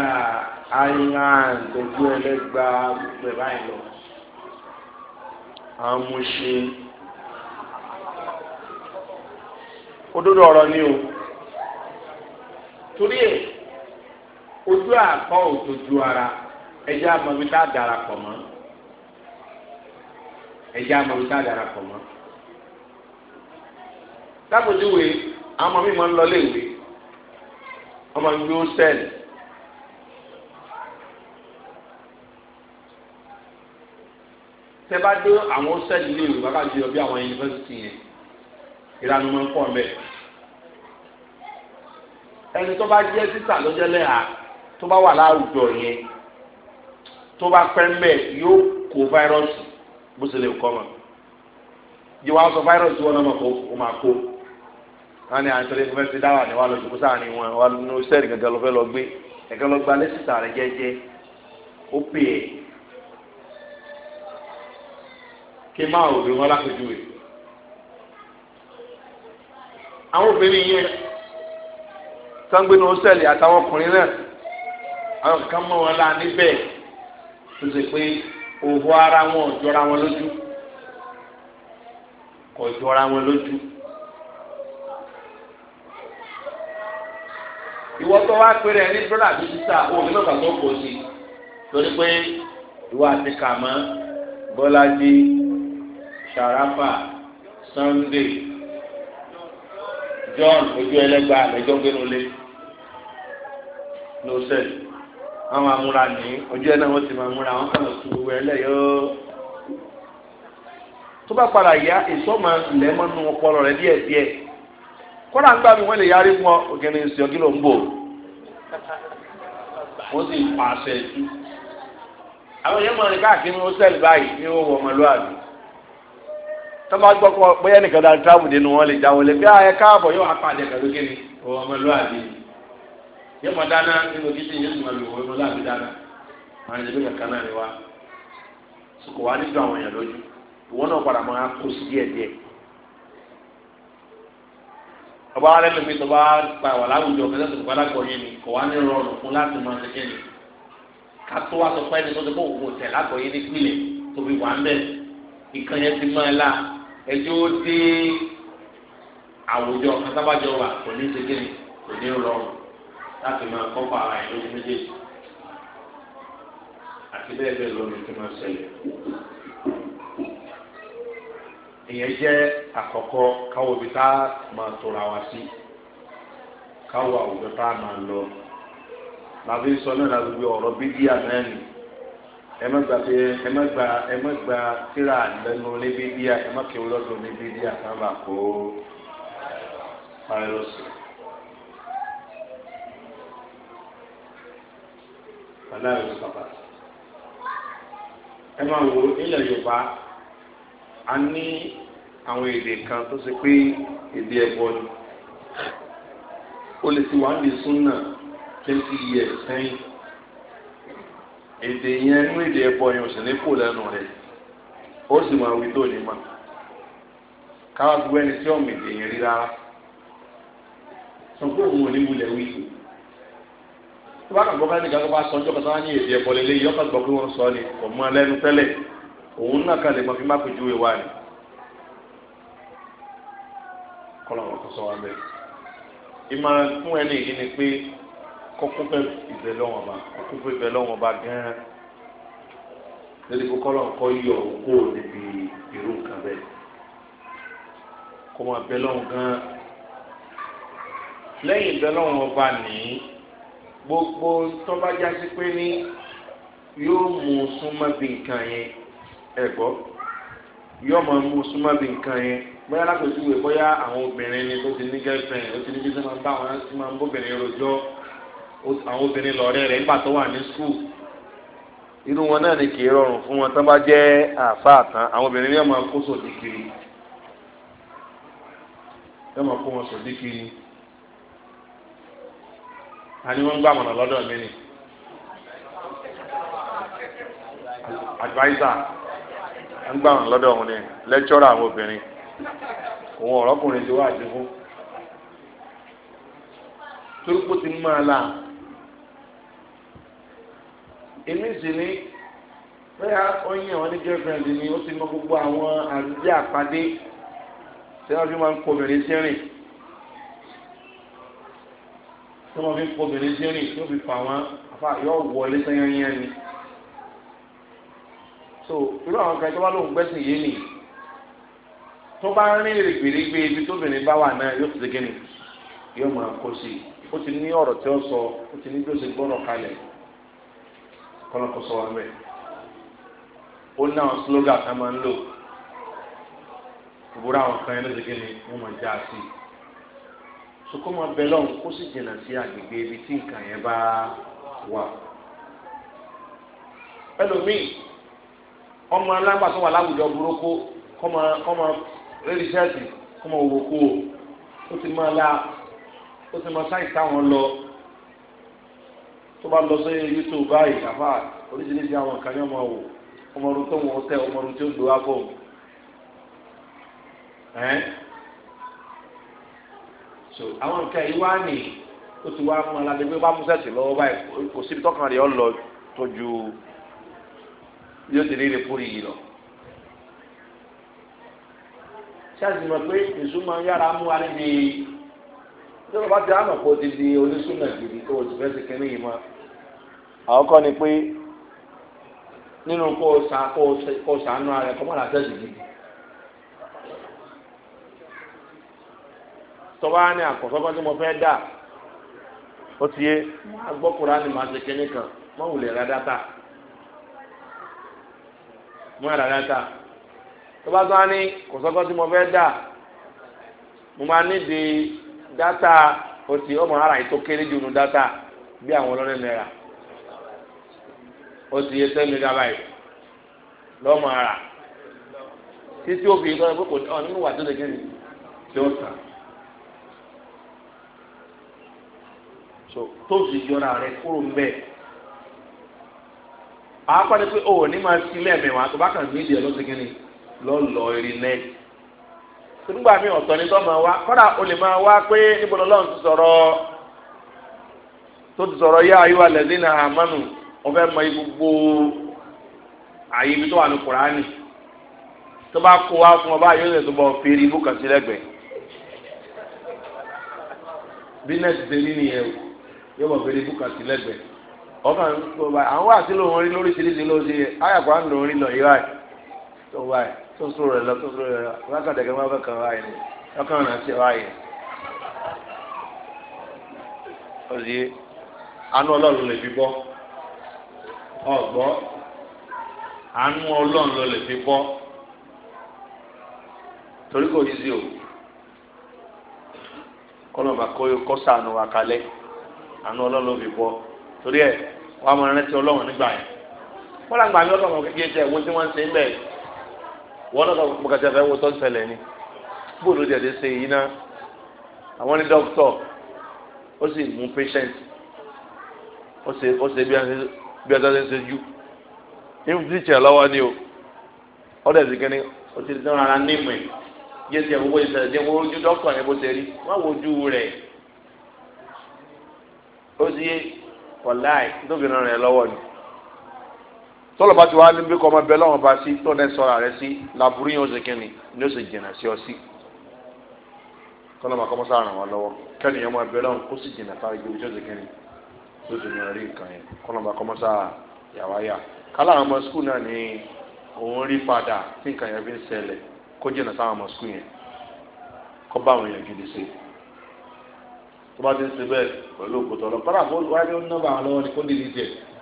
iran gbogbo ẹlẹ́gbàá gbẹ̀báyìí lọ àwọn mo ṣe. òdodo ọ̀rọ̀ ni o torí ẹ ojú àpá òdodo ara ẹjẹ amọbi tá a dara pọ̀ mọ́ ẹjẹ amọbi tá a dara pọ̀ mọ́ lápòjúwe àwọn ọmọ mi máa ń lọ ọmọ mi ló tẹ bá dé àwọn sẹ́ẹ̀lì léèwé bàbá ju ọbí àwọn yunifásitì yẹn ìlànà máa ń pọ̀ mbẹ́. ẹni tó bá jẹ́ títà lọ́jọ́ lẹ́hà tó bá wà láwùjọ yẹn tó bá pẹ́ mbẹ́ yóò kó fáírọ́ọ̀sì bó ṣe lè kọ́ mọ́ yìí wàá sọ fáírọ́ọ̀sì wọn náà kó máa kó wọn ni àǹtẹ̀lẹ́ yunifásitì dáwà ni wàá lọ sùkú sáà ni wọn wàá lọ sẹ́ẹ̀rì gẹ́gẹ́ lọ fẹ́ lọ gbé gẹ́gẹ́ lọ gbalẹ́ sísà rẹ̀ jẹ́jẹ́ ó pè é kí máa òbí àwọn obìnrin yẹn sangbenu sẹ́ẹ̀lì àtàwọn ọkùnrin náà àwọn kankan mọ́ wọn la níbẹ̀ tó ṣe pé òhò ara wọn ò jọra wọn lójú kò jọra wọn lójú. ìwọ tó wá pé rẹ ní brọdà bíi sísá òun náà kà tó kò sí torí pé ìwọ àti kàmọ́ bọ́lájí sàràfà Sunday. John ojú ẹlẹ́gbà àlẹ́jọ́ gbénu lé ló sẹ̀ wọ́n máa múra ní ojú ẹ̀ náà wọ́n ti máa múra wọ́n kàn sí gbogbo ẹlẹ́yọ́ tó bá padà yá èso máa lẹ́ mọ́nú ọpọlọ rẹ díẹ̀ díẹ̀ kódà ń gbà mí wọ́n lè yára fún ọ òkè ní ìsìn ọ̀gí ló ń bò wọ́n sì pàṣẹ jù àwọn yẹn mọ̀ ní káàkiri ó sẹ́lì báyìí ní owó ọmọlúwàbí tó máa gbọ́ pọ̀ pé ẹnìkan dáa tíráàmù nínú wọn lè jáwọ́ bí ààyè káàbọ̀ yóò wá pàdé pẹ̀lú kí ni òun ọmọlúwàbí yóò máa dáná nínú kíṣìn yóò máa lò wọ́n ọmọlúwàbí dáná àwọn ẹni kankan náà ni wá sọkò wá nídùú àwọn èèyàn lójú ìwọ náà padà máa kó sí díẹ̀ díẹ̀ ọba alẹ́ lómi tó bá pa wà láwùjọ kẹsẹ̀ tó gbádà kọ yé ni kò wá ní rọrùn fún láti máa ṣe kéde ká tó wá sọ pé ẹni tó ti kó òkú ìkànnì ẹ ti máa la ẹjọ́ dé àwùjọ kátàbàjọ wa kò ní segin kò ní rọrùn láti máa kọ́kọ́ ara ẹ̀ lójú méjèèjì àti bẹ́ẹ̀ bẹ́ẹ̀ lọ́nà tó máa ṣẹlẹ̀. ìyẹn jẹ́ àkọ́kọ́ káwọ́ bí tá a máa tóra wa sí káwọ́ àwùjọ tá a máa lọ làbí sọ náà ọ̀rọ̀ ẹ má gba pé ẹ má gba ẹ má gba síra lẹ́nu níbi díà ẹ má kí wọn lọ́dún níbi díà ká má kó fáírọ́ọ̀sì. aláìwọ ní bàbá ẹ máa wo ilẹ̀ Yorùbá a ní àwọn èdè kan tó ṣe pé èdè ẹ̀bọ ni ó lè ti wà ní súnà twenty years sẹ́yìn. èdè yẹn nínú èdè ẹ̀bọ yẹn òsì ní kò lẹ́nu rẹ̀ ó sì máa wí tó ní ma káwá gbogbo ẹni tí ọ̀mì èdè yẹn rí rárá sọ pé òun ò ní wulẹ̀ wí tó bá kàn gbọ́ bá sọ ọjọ́ kan tó bá ní èdè lélẹ́ yìí ọkàn ni kò mọ lẹ́nu tẹ́lẹ̀ òun náà lè mọ má ìwà ni kò sọ wa bẹ́ẹ̀ kọ́kọ́ bẹ ìbẹ̀ lọ́wọ́n ba kọ́kọ́ bẹ ìbẹ̀ lọ́wọ́n ba gan-an lórí kókó lọ́wọ́ kọ́ yọ òkú níbi irú nǹkan bẹ́ẹ̀ kó máa bẹ lọ́wọ́n gan-an lẹ́yìn ìbẹ̀ lọ́wọ́n ba nìyí gbogbo tọ́bajá sí pé ní yóò mú súnmọ́ bí nǹkan yẹn ẹ gbọ́ yóò máa mú súnmọ́ bí nǹkan yẹn bóyá lápẹ̀síwèé bóyá àwọn obìnrin ni tó ti ní girlfriend ó ti ní bí sẹ́ máa bá àwọn sí máa ń bóbìnrin rojọ́. àwọn obìnrin lọ rẹ̀ nígbà tó wà ní skul iru wọn náà ni kì í rọrùn fún wọn tán bá jẹ́ àáfàá tán àwọn obìnrin ní ọmọ kó sòdì kiri ọmọ kó wọn sòdì kiri àní wọn advisor ń gbà wọn wọn ni obìnrin òun ọrọkùnrin ti wá àdínkù la èmi sì ní bẹ́ẹ̀ oyin àwọn ní girlfriend ni ó ti mọ gbogbo àwọn àdúgbò àpàdé tí wọ́n fi máa ń kó obìnrin sí rìn tí wọ́n fi ń kó obìnrin sí rìn tí ó fi fà wọ́n àfa yọ wọlé sẹ́yìn yẹn ni so irú àwọn kan tó bá lóun gbẹ́sìn yé nìyí tó bá rìn rìgbìrìgbì ibi tóbìnrin bá wà náà yóò ti ṣe kíni yóò máa kó sí i ó ti ní ọ̀rọ̀ tí ó sọ ó ti ní bí ó ṣe gbọ́dọ̀ kalẹ̀ kọ́nà kó sọ wọn bẹ́ẹ̀ ó ní àwọn slogan kan máa ń lò ìbúra àwọn kan yẹn ló ti gé ni wọ́n máa já sí i sọkọ́ máa bẹ lọ́hùn kó sì jìnnà sí àgbègbè ibi tí nǹkan yẹn bá wà ẹlòmíì ọmọ alágbà tó wà láwùjọ burúkú kọ́mọ rẹ́rì sẹ́ẹ̀tì kọ́mọ òwòkú o ó ti máa la ó ti máa sáyìn táwọn lọ tó bá lọ sí youtube báyìí àfà oríṣiríṣi àwọn kan yóò máa wò ọmọ ọdún tó wọn tẹ ọmọ ọdún tí ó do abọ ẹn so àwọn nǹkan yìí wá ní ó ti wá mú aládé pé bá mú sẹ́ẹ̀sì lọ́wọ́ báyìí kò síbi tọkàn rẹ̀ ọ lọ tọ́jú yóò ti rí rẹpúrì yìí lọ ṣáàsì mọ̀ pé ìṣúná yára mú wa tí wọ́n bá ti àmọ̀ kó ti di onísùnà gidi kó o ti fẹ́ ti kínní yìí mọ́. àkọ́kọ́ ni pé nínú kó o sa kó o sànú ara ẹ̀ kó má làásẹ̀ sì gidi. tọ́ba ní àkọ́kọ́ tí mo fẹ́ dà ó ti yé agbọ́kùnrin á ní màá ṣe kínní kan mọ́ wùlẹ̀ rẹ̀ dáta mọ́ ẹ̀rọ dáta tọ́ba tó wá ní kòsọ́kọ́ tí mo fẹ́ dà mo máa nídìí. Data òsì ọmọ ara yìí tó kéré jù nù dátà bí àwọn ọlọ́rin náírà ó yẹ ten megabyte lọ́mọ ara títí ó fi ikọ́ ẹ pé ọ nínú wà tó lè kéde tí ó so tó fi yọra rẹ kúrò ń pé o ò ní nígbà mi ọ̀tọ̀ ni tọ́mọ wa kọ́dà o lè máa wá pé níbo lọ́lọ́run ti sọ̀rọ̀ tó ti sọ̀rọ̀ yá ayéwà lẹ́sìn náà àmọ́nù wọ́n mọ gbogbo àyè ibi tó wà ní Kùránì tó bá kó wa fún ọba yóò lè bọ̀ fèrè ibú kan sí lẹ́gbẹ̀ẹ́ o yóò bọ̀ fèrè ibú kan sí lẹ́gbẹ̀ẹ́ ọkàn àwọn wà rí lóríṣiríṣi ayàkọ́ tó ụlọ rẹ̀ lọ tó rẹ̀ lọ fẹ́ kàn wáyé ni ti wáyé. anú ọlọ́run lè fi bọ́ ọ̀gbọ́ anú ọlọ́run lè fi bọ́ torí kò sí o ọlọ́run fi torí ẹ ọlọ́run nígbà yẹn wọn làgbà ọlọ́run kékeré tẹ ń ń wọn náà mo kàtí ẹfẹ wo tó ń ṣẹlẹ̀ ni bóòlù díẹ̀ dé ṣe yìí náà àwọn ní dókítọ̀ ó sì mú patient ó ṣe ó ṣe bí bí ọjọ́ ṣe ń ṣojú ní fíjìṣẹ́ lọ́wọ́ ni o ọdẹ sì kẹ́ni ó ti dán ara ní ìmọ̀ yé ti ẹ̀wọ́ bóyá ìṣẹ̀lẹ̀ díẹ̀ wo ojú dókítọ̀ yẹn bó ṣe rí wọ́n wo ojú rẹ̀ ó sì yé wọ́n láì tóbi náà rẹ̀ lọ́wọ́ ni tọ́lọ̀ bá ti wá níbi kọ́ ọmọ bẹ́ẹ̀ lọ́wọ́ bá sí tó ní sọ́ra rẹ sí làbúrú yẹn ṣe kíni ni ó ṣe jìnnà sí ọ sí kọ́lọ́ máa kọ́mọ́sá ràn wá lọ́wọ́ kẹ́ni yẹn máa bẹ́ẹ̀ lọ́wọ́ kó sì jìnnà tá ibi ó ṣe kíni ó ṣe jìnnà rí nǹkan yẹn kọ́lọ́ máa kọ́mọ́sá yàwá yà kálá àwọn ọmọ skul náà ni òun rí padà tí nǹkan yẹn fi ń ṣẹlẹ̀ kó jìnnà sáwọn ọmọ skul yẹn kọ́ bá àwọn èèyàn gidi ṣe tó bá ti ń ṣe bẹ́ẹ̀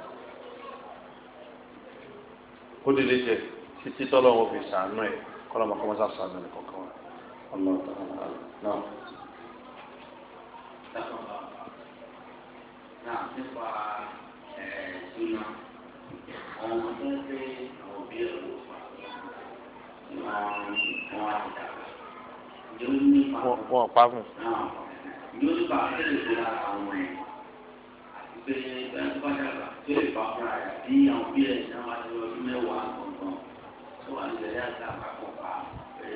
kó dìde jẹ títí tọ́lọ́ wọn fi sànú ẹ̀ kọ́lọ́ máa kọ́mọ́sá sànú ẹ̀ kọ̀ọ̀kan wọn. ọlọ́run tó ń bá náà. náà nípa ẹ̀ẹ́dúnà ọmọ tó ń gbé àwọn òbí ẹ̀ ló fà máa ń wọ́n á dàgbà. wọ́n pa fún un. yóò nípa ẹ̀ẹ́dúnà àwọn ẹ̀ pé ẹni bá dàgbà tó lè fa fúnra rẹ̀ bí àwọn bí ẹ̀ náà wá lọ ọdún mẹ́wàá gbọ̀ngàn tó wà nílẹ̀ yá sá àpapọ̀ pa pé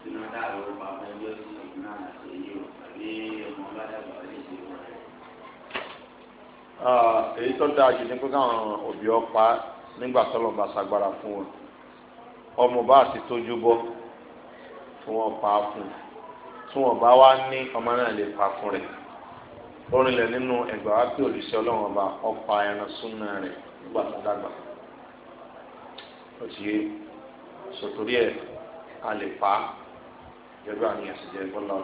sínú adáàrọ̀ ọba ọmọ ẹgbẹ́ tuntun náà ṣe yí o àbí ọmọ bá dàgbà ó lè ṣe wọ́n rẹ̀. èyí tó dáa jù ní pé káwọn òbí ọpa nígbà tọ́lọ̀ bá ṣagbára fún wọn ọmọ bá ti tójú bọ́ tí wọ́n pa á fún tí wọ́n bá wá ní ọmọ náà lè pa fún rẹ̀ orinlẹ̀ nínú ẹgbà wá pé òdìṣẹ́ ọlọ́run ọba ọ̀pá ẹran súnà rẹ̀ nígbà tó dàgbà ó ti yé sòtórí ẹ̀ a pa á gẹ́gẹ́ bí àwọn èèyàn sì jẹ́ bọ́lá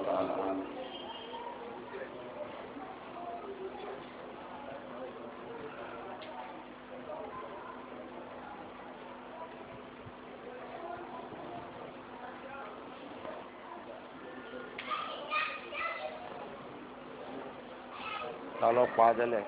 ọlọ́pàá tẹ́lẹ̀.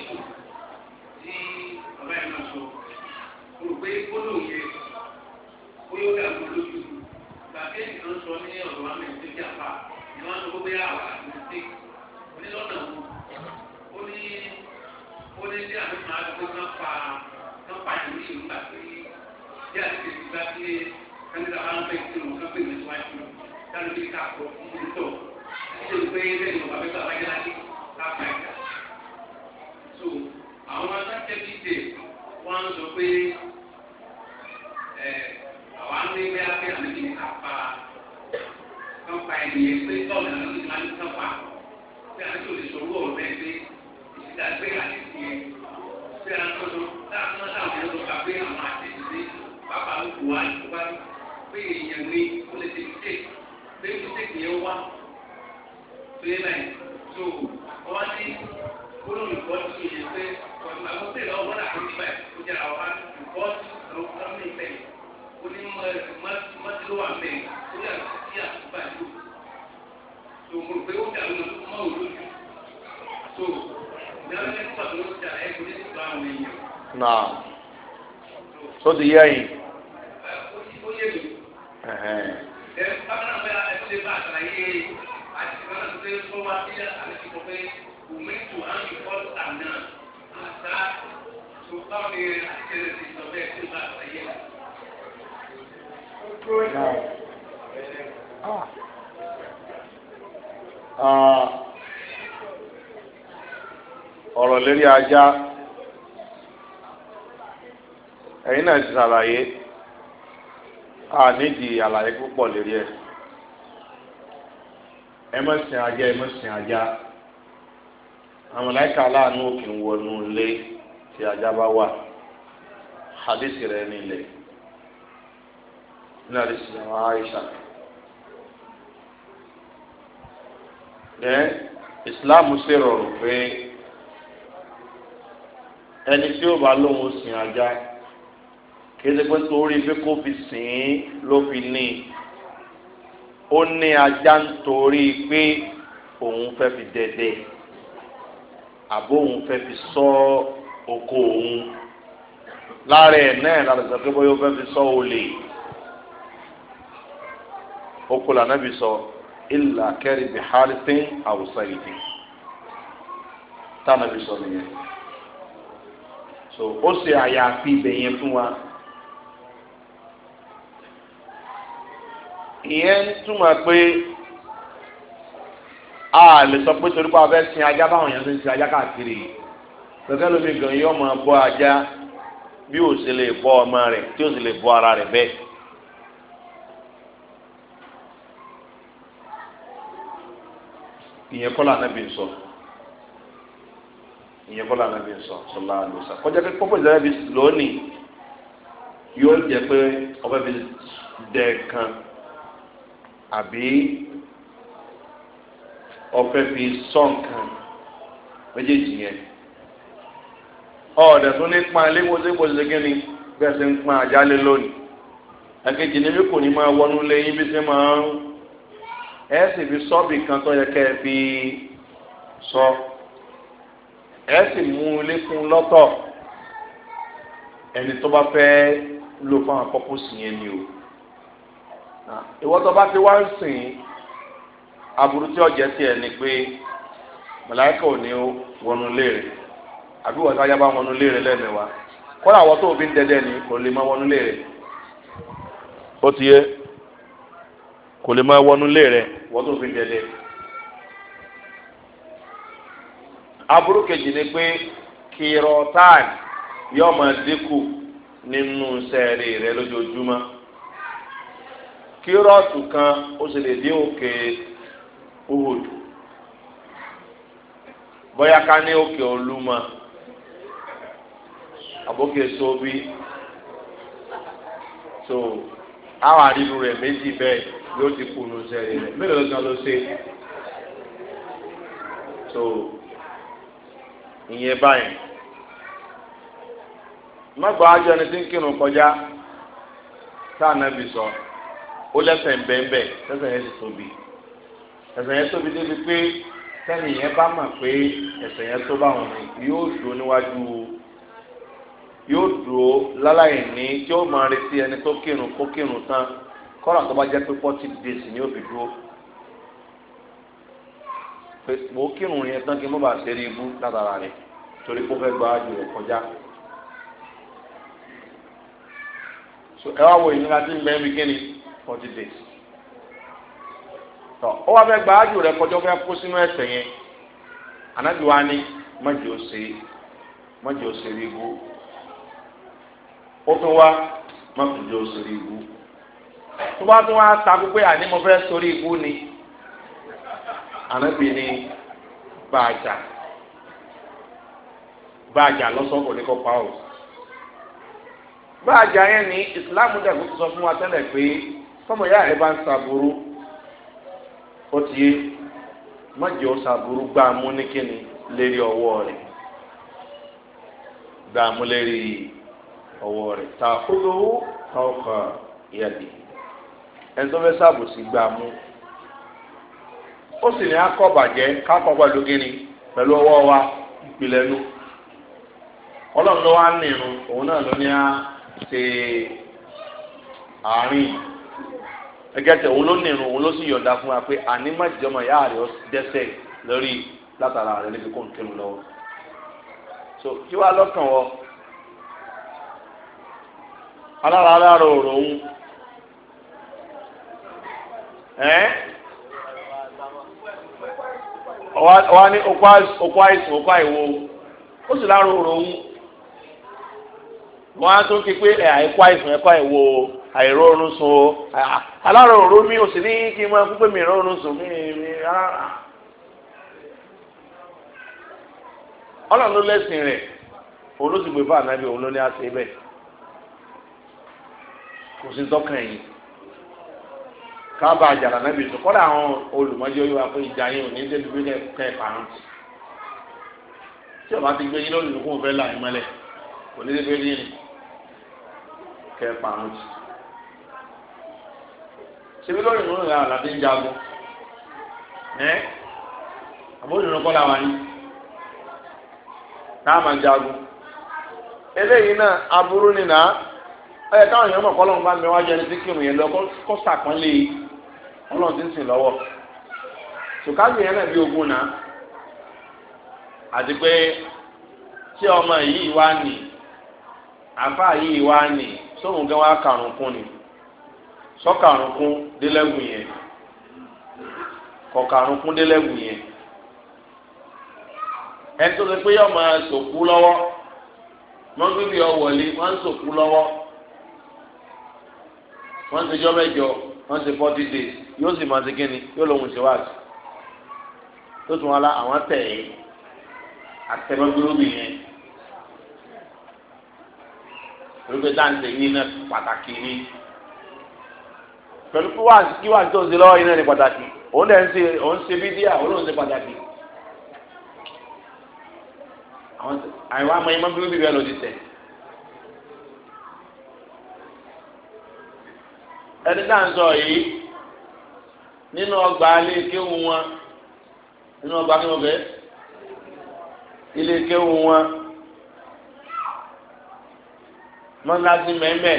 tí bàbá yìí máa sọ mo rò yẹ ó yóò dà mí lójú gbàgbé ìkan sọ ní ọ̀dọ̀ wa mẹ́rin tó ni wọ́n sọ pé àwọn àti ṣe onílọ́nà wo ó ní ó ní bí àmì máa tó kán pa kán pa ìlú ìlú gbà bí àti ṣe ti gbà bá ń bẹ̀ tí òun kán pè mí síwájú dáná bí ká kọ́ ìlú tọ̀ ṣe pé bẹ́ẹ̀ ni bàbá bá yára ní ká pa ìjà so àwọn adákẹ́bí dè wọ́n á sọ pé ẹ̀ àwọn anílẹ̀ abẹ́ àmì kìíní kápá kan pa ẹ̀yìn pé. ló wà bẹ́ẹ̀ ó yà sí àtúbà tó tó mo rò pé ó dàrú mọ́ òun lójú tó ìdáwọ́ ní pàtó ó dà ẹ́ kó ní àwọn èèyàn. náà tó ti yá yìí. ó yé mi. ẹ bákan náà bẹ́ẹ̀ ẹ ti bá àtàlàyé àti ìgbàlá tó fẹ́ fún wa bí àlẹ́ ti kọ pé òmìnirò á ń kọ́ àná àtà tó bá mi àti ìṣẹ̀lẹ̀ ti sọ bẹ́ẹ̀ tó bá àtàlàyé. Ah. Ah. ọ̀rọ̀ lórí ajá ẹ̀yin náà ti ṣàlàyé a nídìí àlàyé púpọ̀ lórí ẹ̀ ẹ má sìn ajá ẹ má sìn ajá àwọn láìka aláàánú òkè ń wọnú ilé tí ajá bá wà hadith rẹ̀ nílẹ̀ nínú àdìsí àwọn Aisha ẹ ìsìláàmù ṣe rọrùn pé ẹni tí ó bá lóun sìn ajá kéde pé torí pé kó fi sìn ín ló fi ní ó ní ajá nítorí pé òun fẹ́ fi dẹdẹ àbó òun fẹ́ fi sọ oko òun lára ẹ̀ náà lára ìsọ̀kébọ́yọ́ fẹ́ fi sọ olè. So oko la anabi sọ illa kẹri bi halitin awusayidi tá anabi ni nìyẹn so ó ṣe àyàfi ibẹ̀yẹn fún wa ìyẹn túmọ̀ pé a lè sọ pé torí pé abẹ́ sin ajá báwọn èèyàn ṣe ń sin ajá káàkiri gẹ́gẹ́ lómi gan yóò máa bọ́ ajá bí ó ṣe lè bọ́ ọmọ rẹ̀ tí ó sì lè bọ́ ara rẹ̀ bẹ́ẹ̀. ìyẹn kọ́ lànà bí sọ ìyẹn kọ́ lànà bí sọ sọlá àlùsà kọjá pé pọ́pọ́ ìdájọ́ bí lónìí yóò jẹ pé ọbẹ̀ bí dẹ kan àbí ọbẹ̀ bí sọ nǹkan méjèèjì yẹn ọ̀ọ́dẹ̀ tó ní pa léwọ́sẹ́gbọ́sẹ́ gẹ́ni bẹ́ẹ̀ sì ń pa àjálẹ̀ lónìí ẹ̀kejì ni bí kò ní máa wọnú lẹ́yìn bí sẹ́ máa ń ẹ sì fi sọ́ọ̀bì kan tó yẹ kẹ́ ẹ fi sọ ẹ sì mú ilé fún lọ́tọ̀ ẹni tó bá fẹ́ lò fún àkọ́kọ́ sí yẹn ni o ìwọ́n tó bá fi wá ń sìn aburú tí ọ̀jẹ̀ tiẹ̀ ni pé mọ̀láìkà ò ní wọnú léèrè àbí wọ́n sáyá bá wọnú léèrè lẹ́mẹ̀wá kọ́lá àwọn tó fi ń dẹ́dẹ́ ni kò lè má wọnú léèrè ó ti yé. kò lè máa wọnú ilé rẹ wọ́n tó fi dẹ̀dẹ̀. aburú kejì ni pé kìrọ̀tàn yóò máa dínkù kan ó sì lè dín òkè Uhud bóyá ká ní òkè Olúmọ àbókè so àwọn àdínú rẹ̀ méjì yóò ti kú nu sẹ́yìn rẹ̀ mélòó gan ló ṣe so ìyẹn báyìí mọ́gbà ájọ ni tí ń kírun kọjá tá ànábì sọ ó lẹ́sẹ̀ ń bẹ́ńbẹ́ lẹ́sẹ̀ yẹn ti tóbi ẹ̀sẹ̀ yẹn tóbi débi pé sẹ́ni yẹn bá mọ̀ pé ẹ̀sẹ̀ yẹn tó bá wọn ni yóò dúró níwájú yóò dúró láláì ní tí ó máa retí ẹni tó kírun kó kírun tán kọ́nà tó bá jẹ́ pé forty days ni ó fi dúró pé mo kírun yẹn tán kí n bó bá ṣe rí ibú látara rẹ̀ torí kó fẹ́ gba àjò rẹ̀ kọjá. so ẹ wá wo ìnira tí ń bẹ mi kíni forty days tọ ó wá fẹ́ gba àjò rẹ̀ kọjá ó fẹ́ kó sínú ẹ̀ṣẹ̀ yẹn ànábì wa ni mọ̀jì ó ṣe mọ̀jì ó ṣe rí ibú ó tún wá mọ̀jì ó ṣe rí ibú tó bá tún wá ta pé àní mo fẹ́ sórí ibú ni ànábì ni bàjà bàjà lọ́sọ̀kọ̀ ní kọ́ pa bàjà yẹn ni ìsìláàmù dẹ̀ kó sọ fún wa tẹ́lẹ̀ pé tọmọ ìyá rẹ bá ń sàbúrú ó ti yé má jẹ́ ó sàbúrú gbá a mú ní kíni lérí ọwọ́ rẹ̀ gbá a mú lérí ọwọ́ rẹ̀ tàkúrò ọkọ̀ yẹ̀dì. ẹni tó fẹ́ sàbòsí gbà mú ó sì ní akọ́bàjẹ́ kákọ́ gíní pẹ̀lú ọwọ́ wa ìpìlẹ̀ nu ọlọ́run ló wá ní irun òun náà ló ní á ṣe àárín ẹgẹ́tẹ̀ òun ló òun ló sì so kí wàá lọ́kàn alára alára ọwá ọwa okó àìsàn okó àìwo ó sì lára òrò òun wọn á tún kí pé àìkó àìsàn ẹkọ àìwo àìrọrùn sùn alára òrò mi ò sì ní kí n máa kú pé mi rọrùn sùn mí mi rárá ọlọ́run ló lẹ́sìn rẹ̀ òun ló sì gbé fún ànábì òun ló ní àṣẹ kò sí yìí. kábà àjàrà náà bìtú kọ́dà àwọn olùmọ́jọ́ yóò wá pé ìjà yẹn ò ní débi gbé kẹ́ parun tí ọba ti gbé yín lónìí kó o fẹ́ là ń mọ́lẹ̀ kò ní débi yín kẹ́ parun tì. ṣebí lórí ìrún ìlà àlàdé ń jagun ẹ́ àbóyún kọ́dà wà ní náà máa jagun eléyìí náà aburú nìyà ẹ káwọn èèyàn mọ̀ kọ́ lọ́nà bá mi wájú ẹni tí kírun yẹn lọ kó sàkánlé yìí. ọlọ́run ti ń sìn lọ́wọ́ yẹn náà bí ogún náà àti pé tí ọmọ yìí wá nì àfa yìí wá nì sóhun gan wá kàrún kún ni sọ́kàrún kún délẹ́gùn yẹn kọ̀kàrún kún délẹ́gùn yẹn ẹni tó pé ọmọ sòkú lọ́wọ́ wọ́n gbé bí wọ́n ń sòkú lọ́wọ́ wọ́n jọ́ mẹ́jọ wọ́n yóò sì máa ṣe kí ni yóò lòun ṣe wáàsí tó tún wọn la àwọn tẹ̀ ẹ́ àtẹ̀mẹ́gbẹ́rún yẹn olùkọ́ dáńtẹ̀ yìí náà pàtàkì ni pẹ̀lú kí wàásù kí wàásù tó ń ṣe lọ́wọ́ yìí náà ni pàtàkì òun dẹ̀ ń ṣe òun ṣe bídíà òun lòun ṣe pàtàkì àwọn àìwá àmọ́ yẹn máa ń bí bíbí ẹ lòdì tẹ̀. ẹni náà ń sọ yìí nínú ọgbà ilé kéwù wọn nínú ọgbà kí wọn bẹ ilé kéwù wọn mọ́nlásí mẹ́mẹ́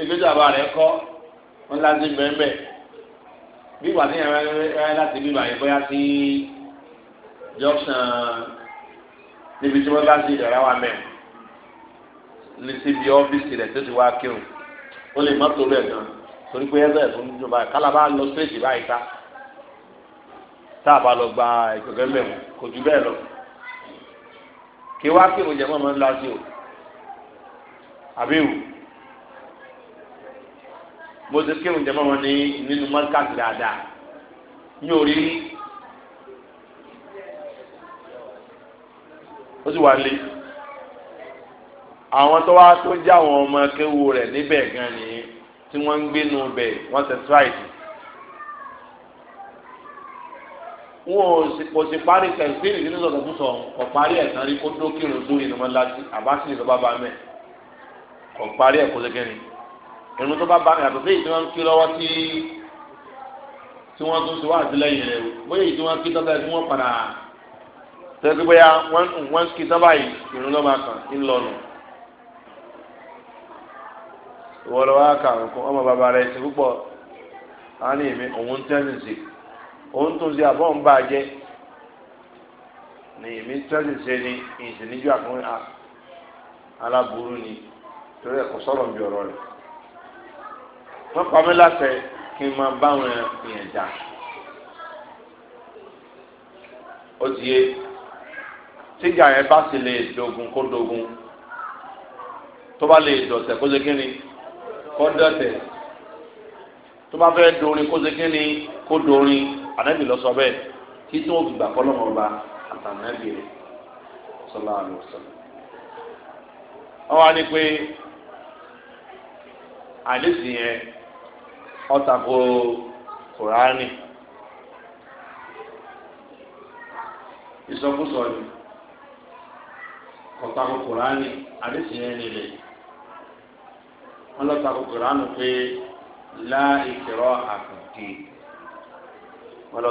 ẹgbẹ́jọ́ àbá rẹ̀ kọ́ mọ́nlásí mẹ́mẹ́ bí wà ní ẹ̀rọ ẹ̀rọ láti bí wà yẹ bóyá sí junction níbi tí wọ́n bá sí ìdọ̀rá wa mẹ́rin ní síbi ọ́fíìsì rẹ̀ tó ti wá kírun ó lè mọ́tò rẹ̀ gan torí pé ẹgbẹ́ ẹ̀fọn ní ìjọba kálábà lọ síréètì báyìí ká tá a bá lọ gba ìgbẹ́gbẹ́ mẹ́wọ̀n kò jù bẹ́ẹ̀ lọ kí wá kí òun jẹ́mọ́ máa ń lásì o àbí o mo ti kí òun jẹ́mọ́ máa ní nínú mọ́tíkàtì dáadáa ní orí ó sì wá lé àwọn tó wá tó já àwọn ọmọ kéwu rẹ̀ níbẹ̀ gan nìyí tí wọ́n ń gbénu bẹ̀ wọ́n ṣe tíráìdì. wọn ò sì kò sì parí tẹ̀síìlì nínú sọ̀tọ̀ fún sọ̀ kò parí ẹ̀ tán rí kó dó kírun dúró ìnáwó ńlá sí àbáṣe ìjọba bá mẹ́ kò parí ẹ̀ kó lẹ́gẹ́rin irun tó bá bá mi àtọ̀tẹ́ yìí tí wọ́n ń kí lọ́wọ́ tí tí wọ́n tún ti wá àtìlẹ́yìn rẹ̀ bóyá èyí tí wọ́n ń kí tọ́ta tí wọ́n padà tẹ́tí bóyá wọ́n ń kí tọ́ báyìí irun lọ́ máa kàn ń lọ nù ìwọ lọ wá kà ń kún ọmọ bàbá rẹ ṣe púpọ̀ á ní èmi òun tẹ́lẹ̀ sí òun tún ṣe àbọ̀ ń bà jẹ́ ní èmi tẹ́lẹ̀ ṣe ni ìṣèníjú àkúnrin aláburú ni torí ẹ̀kọ́ sọ̀rọ̀ bí ọ̀rọ̀ rẹ̀ wọ́n pa mí láṣẹ kí n máa bá àwọn èèyàn jà ó ti yé tíjà yẹn bá sì lè dogun kó dogun tó bá lè dọ̀tẹ̀ kó ṣe kí ni. kọ́ńdọ̀tẹ̀ tó bá fẹ́ dorin kó segin ni kó dorin ànábì lọ sọ bẹ́ẹ̀ kí tó gbà kọ́lọ́mọ ọba àtànábì rẹ̀ sọlá àlọ́ sọlá. wọ́n wá ní pé àdéhùn yẹn ọ̀tà kó kùránì ìsọkúsọ ni ọ̀tà ọlọtakọ lọ sàkó kuranu pé láìkìrọ àkùdé wọn lọ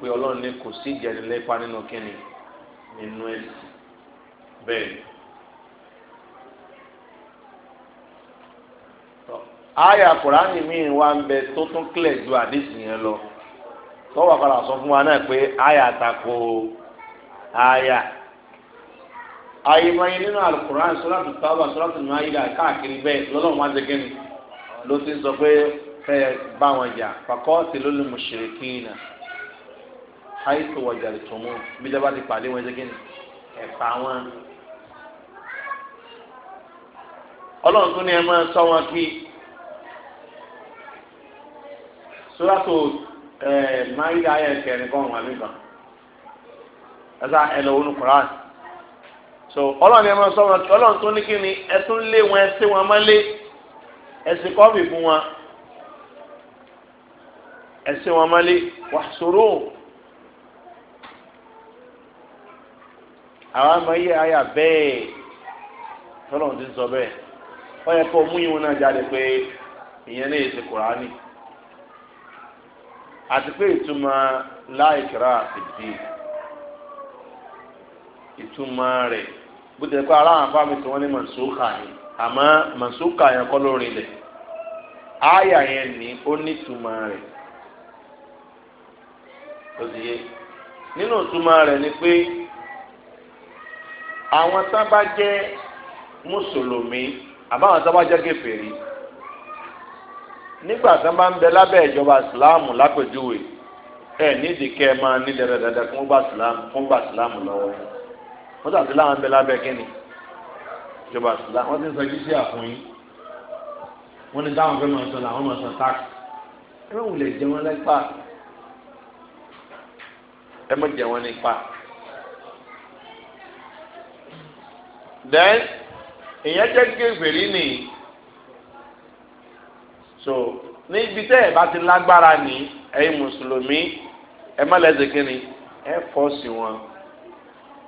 pé ọlọ́run ní kò sí nínú kínní nínú ẹ̀sìn bẹ́ẹ̀ kurani míì wá ń bẹ tó tún lọ tọ́wọ́ fún wa náà pé àyèmáyé nínú alukur'an sọ́láàtù tábà sọ́láàtù máyídà káàkiri bẹ́ẹ̀ lọ́lọ́run wá jẹ́gẹ́ nù ló ti ń sọ pé fẹ́ bá wọn jà pàkọ́ ti ló ní mushrikina àìsàn wọ̀jà lè tó mú bí dábàá ti pàdé wọn jẹ́gẹ́ nù ẹ̀fà wọn. ọlọ́run tún ní ẹ máa sọ wọn kí sọ́láàtù eh, máyídà ayẹ̀kẹ́ nìkan wà nígbà ẹ̀sà ẹ̀ lọ́wọ́ nù kúránì so ọlọ́run ẹ̀rọ sọ̀rọ̀ ọlọ́run tó ní kí ni ẹ tún lé wọn ẹ sí wọn mọ́lé ẹ sì kọ́ mi fún wọn ẹ sí wọn mọ́lé wà sòrò àwọn àmọ́ yẹ àyà bẹ́ẹ̀ tọ́lọ́run ti sọ bẹ́ẹ̀ wọ́n yẹ kó mú ìwọ̀n náà jáde pé ìyẹn ní èsì kùránì àti pé ìtumọ̀ láìkìrá fìdí ìtumọ̀ rẹ̀ bó ti ẹ̀ pé ara àwọn afáàmì tí wọ́n ní mọ̀nsókà yẹn àmọ́ mọ̀nsókà yẹn kọ́ lórí ilẹ̀ ááyà yẹn ni ó nítumọ̀ rẹ̀ òsìyẹ nínú ìtumọ̀ rẹ̀ ni pé àwọn sábà jẹ́ mùsùlùmí àbáwọn sábà jẹ́ kèfèrí nígbà tí wọ́n bá ń bẹ lábẹ́ ìjọba ìsìláàmù lápèjúwe ẹ̀ nídìí kẹ́ ẹ máa ní dẹ́rẹ́dẹ́rẹ́ fún bá ìsìláàmù lọ́wọ́ yẹn wọ́n tàbí láwọn bẹ lábẹ́ kínní ìjọba ìsìlá wọ́n ti ń sọ jíṣẹ́ àfún yín wọ́n ní dáhùn fẹ́ máa sọ làwọn máa sọ táàkì ẹ má wulẹ̀ jẹ wọn lẹ́pà ẹ má jẹ wọn nípa. then èèyàn jẹ́ gègbèrí nìyí so níbi tẹ́ ẹ bá ti lágbára ní ẹ̀yin mùsùlùmí ẹ má lẹ́sẹ̀ kínní ẹ fọ́ sí wọn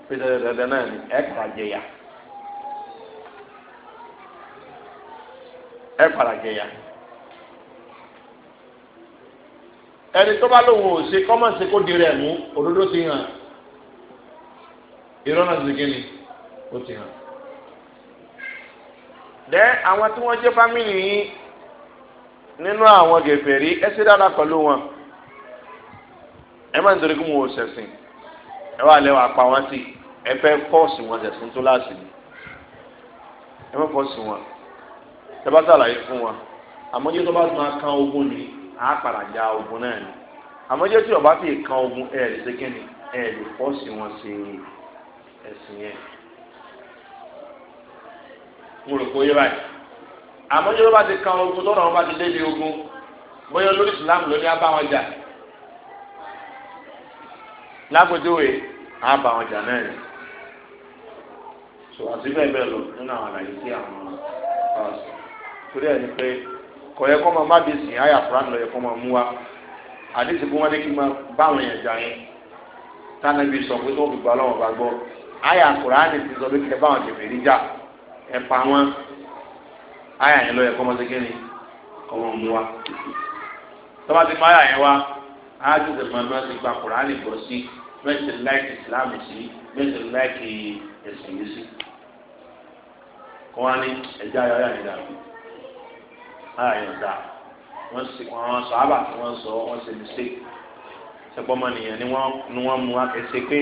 pé dandan náà ni ẹ kà jẹyà ẹ kpara jẹyà ẹni tó bá lóun ò ṣe kọ́ máa ṣe kó di rẹ̀ mú òdodo ti hàn irọ́ náà ti gẹ́ni ó ti hàn. dẹ́ àwọn tí wọ́n jẹ́ fámìlì yìí nínú àwọn gèfèrí ẹ ṣe dára pẹ̀lú wọn ẹ má nítorí kí wọn ò ṣẹ̀sìn ẹ wà lẹ́wọ̀ apá wọn sí i ẹ fẹ́ fọ́ọ̀sì wọn ṣẹ̀ fún kíláàsì ni ẹ fẹ́ fọ́ọ̀sì wọn ẹ bá ṣàlàyé fún wọn àmọ́jẹ́ tó bá tún á kan ogun ni á padà já ogun náà ni àmọ́jẹ́ tí ọba fi kan ogun ẹ̀ lè ṣe kíni ẹ̀ lè fọ́ọ̀sì wọn ṣe ẹ̀sìn yẹn mo rò pé ó yé báyìí àmọ́jẹ́ tó ti kan ogun tó náà ti débi ogun bóyá lórí Islam ló ní á bá náà ni so àti bẹ́ẹ̀ bẹ́ẹ̀ lọ nínú àwọn àlàyé sí àwọn ọ̀sán torí ẹ̀ ni pé kọ̀yẹ́ kọ́ máa má di sìn áyà fúlàní lọ́yẹ̀ kọ́ máa mú wa àdéhùn fún wọn ní kí n máa bá àwọn èèyàn jà yẹn táwọn ibi sọ pé tó fi gbọ́ ọlọ́wọ́n bá gbọ́ áyà fúlàní ti sọ pé kí ẹ bá àwọn tèmè rí jà ẹ pa wọn áyà yẹn lọ́yẹ̀ kọ́ máa ṣe ni kọ́ máa mú wa tọ́ba ti gba fúlàní bọ̀ sí ìsìlámù sí mẹ́tẹ̀láìkì ẹ̀sìn yìí sí wọn ní ẹja ayọ ayọ nìdá ayọ nìdá wọn sì wọn sọ ábà wọn sọ wọn sì ní sè sẹpọmọ nìyẹn ni wọn ni wọn mú ẹsẹ pé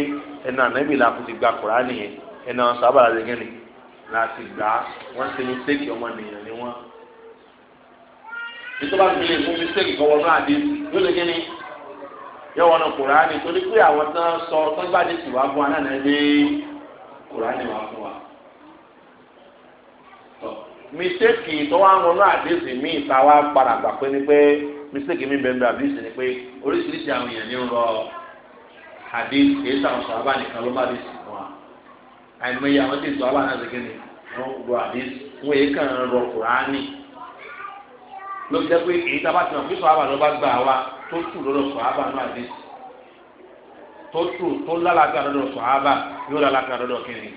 ẹnu ànábì làkú ti gba kura nìyẹn ẹnu àwọn sọ ábà làdé gẹ́ni láti gbà á wọn sì ní sèkì ọmọ nìyẹn ni wọn nítorí wọn fi lè fún mistake kọwọ náà dé yóò lè gẹ́ni yóò wọn nù kura ni torí pé àwọn tán sọ tán gbàdé sì wá fún wa náà mistake tó wá ń ronú àdéhùn mi ìta wá padà gbà pé ni pé mistake mi bẹ̀rẹ̀ àdéhùn ni pé oríṣiríṣi àwọn èèyàn ní ń rọ àdéhùn èyí sàwọn sàbà nìkan ló má lè sìn wọn àìmọye àwọn tí ìsọ̀rọ̀ náà ṣe kéde wọn rọ àdéhùn wọn èyí kàn ń rọ kùránì ló jẹ́ pé èyí tá a bá ti hàn pé sọ̀rọ̀ àbànú bá gbà wá tó tù lọ́dọ̀ sọ̀rọ̀ àbànú àdéhùn tó tù tó lálàkà lọ́dọ̀ sọ̀rọ̀ àbà yóò lálàkà lọ́dọ̀ kiri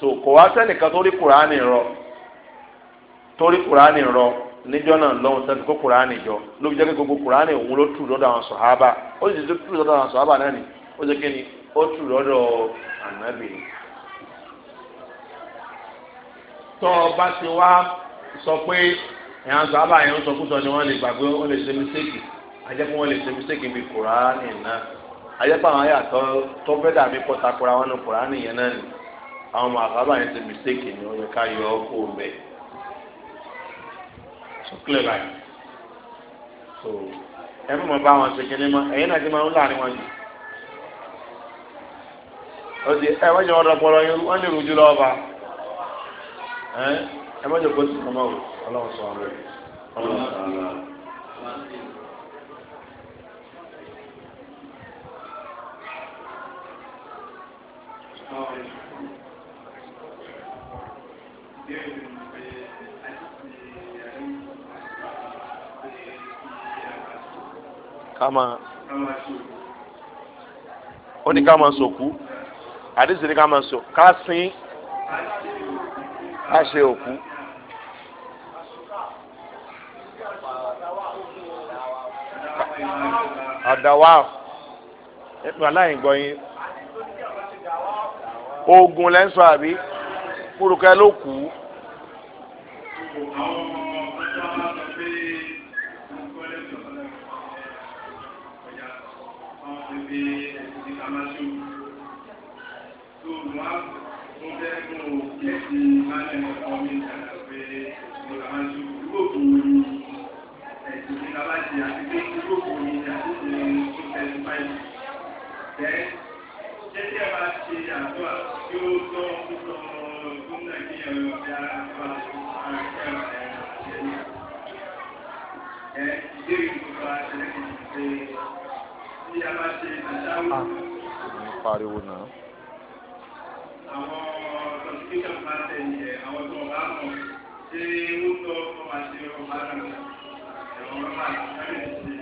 so kò wá sẹ́nìkan tó rí kùránì rọ tó rí kùránì rọ níjọ́ náà lọ́hùn sẹ́ni kó kùránì jọ ló fi jẹ́ kí gbogbo kùránì òun ló tù lọ́dọ̀ àwọn sọ̀hábà ó sì ti tù lọ́dọ̀ àwọn sọ̀hábà ni ó jẹ́ ni ó tù lọ́dọ̀ ànábì. tọ́ ọ bá ti wá sọ pé ẹ̀hán sọ̀hábà yẹn ń sọ ni wọ́n lè gbàgbé wọ́n lè ṣe wọ́n lè ṣe bí kùránì àwọn ọmọ àbábà yẹn ti mistake ni ó yẹ ká yọ ọ́ kó so clear line so ẹ mọ̀ bá wọn ṣe kíní mọ́ ẹ̀yin náà ti máa ń láàrin wọn jù ó di ẹ wọ́n jẹ́ wọn dọ̀pọ̀lọ́ yín wọ́n lè rújú lọ́wọ́ bá ẹ mọ̀ jẹ́ kó ti kàn mọ́ o ọlọ́run sọ wọn ọlọ́run sọ wọn. Thank ká máa ó ní ká máa sòkú àdìsí ní ká máa sò ká sin ká ṣe òkú. àdáwà ẹ̀pẹ́ aláìgbọ́ yín oògùn lẹ́ńsọ àbí kúrúkẹ́ ló tó ah, Pariwo náà àwọn constitution pattern yẹ àwọn tó ọba mọ̀ ṣé wọ́n tọ́ ọkọ̀ máa ṣe ọba náà ẹ̀rọ ọba àtàkárẹ̀ ṣe.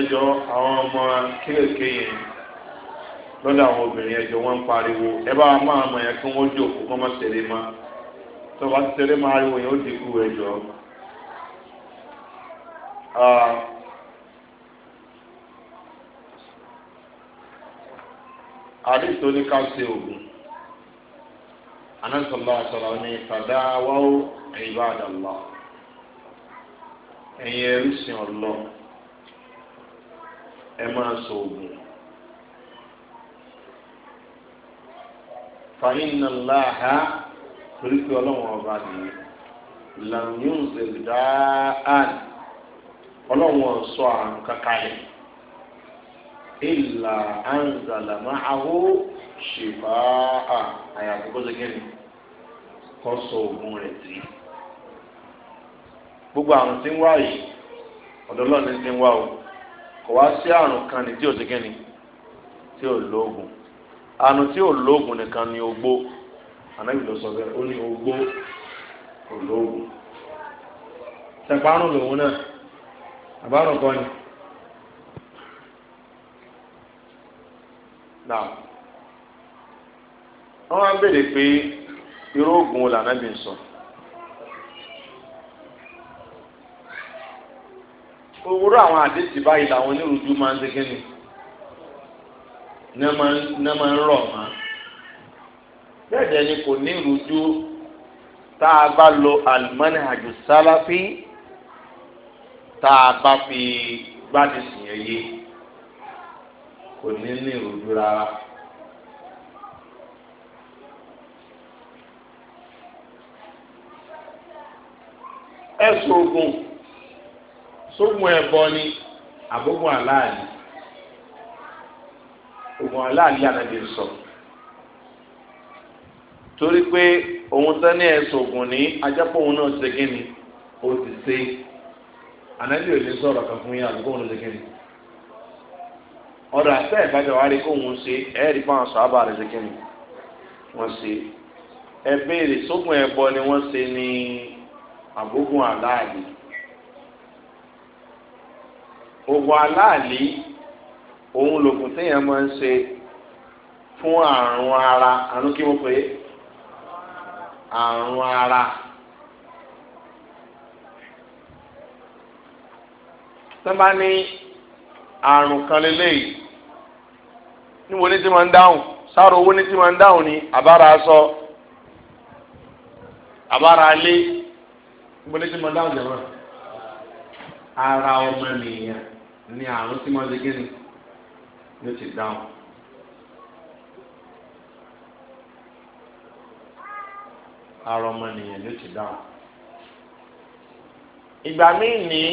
ẹjọ́ àwọn ọmọ kéékèèké yẹn lọ́dọ̀ àwọn obìnrin ẹjọ́ wọ́n ń pariwo ẹ bá máa mọ̀ yẹn kí wọ́n jòkó kọ́ mọ́ tẹ̀lé mọ́ tọ́ba tẹ̀lé máa ariwo yẹn ó dínkù ẹjọ́. Ah, àdìsí tó ní ká ṣe ògùn anásọ̀lá àṣọlá ní fàdáwáwó ìbádàlá ẹ̀yin ẹrú sìn ẹ máa sọ na fàyínà láha torí pé ọlọ́run ọba nìyí làmúyùn zèlú dáa ọlọ́run ọ̀sọ́ àrùn kankan ìlà ànzàlà máàwó ṣèbá à àyàfi kó ṣe kéde kó sọ ògùn rẹ̀ sí. gbogbo àrùn tí ń wá yìí ọ̀dọ́ lọ́ọ̀ni ti ń wá o kò wá sí àrùn kan ní tí ò ṣe kéde tí ò lóògùn àrùn tí ò lóògùn nìkan ni ogbó ànábì ló sọ bẹ́ẹ̀ ó ní ogbó ò lóògùn. tẹ̀párùn lòun náà àbárùn kan ni. Islam wọ́n wá ń béèrè pé irú oògùn làná bí n sọ. òwúrọ̀ àwọn àdéhùn báyìí làwọn onírúurú máa ń ṣe kí ni ní máa ń rọ̀ mọ́ bẹ́ẹ̀ dẹ̀ ni kò ní ìrújú tá a bá lo alimani àjò sáláfí tá a bá fi gbádùn sìn yẹn yé kò ní ní ìrújú rárá. ẹ̀sùn ogun sógun ẹ̀bọ ni àbógun aláàlì ogun aláàlì ànábi sọ torí pé òun tán ní ẹ̀sùn ogun ní ajápọ̀ òun náà ṣe kí ni ó ti ṣe ànábi ò ní sọ̀rọ̀ kan fún yín àbúkọ́ òun ṣe kí ni ọ̀dọ̀ àṣẹ ìbájọ wa rí kó wọn ṣe ẹ rí fáwọn sọ́ábà rẹ̀ ṣe kíni wọ́n ṣe ẹ béèrè sógun ẹ̀bọ ni wọ́n ṣe ní àbógun àláàlì ogun àláàlì òun lògùn téèyàn máa ń ṣe fún àrùn ara àrùn kí wọ́n pè é àrùn ara. sábà ní àrùn kan lélẹ́yìí níbo ni ti máa ń dáhùn sára owó ni ti máa ń dáhùn ni àbára aṣọ àbára alé níbo ni ti máa ń dáhùn ara ọmọ nìyẹn ni àrùn máa ń segin ni ti dáhùn. ara ọmọ nìyẹn ló ti dáhùn. ìgbà míì ní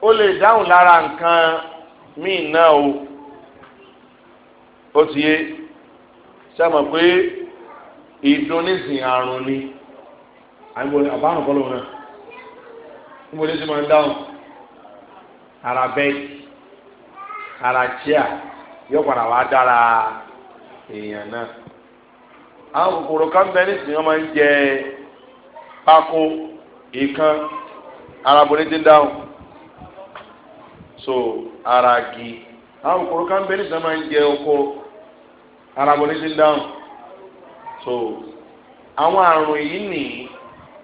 ó lè dáhùn lára nǹkan míì o. ó ti yé sẹ́mọ̀ pé ìdúnísìn àrùn ni àbárùn kọ́ lóun náà níbo ní máa ń dáhùn ara bẹ́ẹ̀ ara chia yóò padà wá dára èèyàn náà àwọn kòkòrò kan bẹ nísìnyí wọn máa ń jẹ pákó ìkan ara ti ń so ara gi àwọn kòkòrò kan bẹ nísìnyí wọn máa ń jẹ oko. arago ní ti ń dáhùn so àwọn àrùn yìí nìyí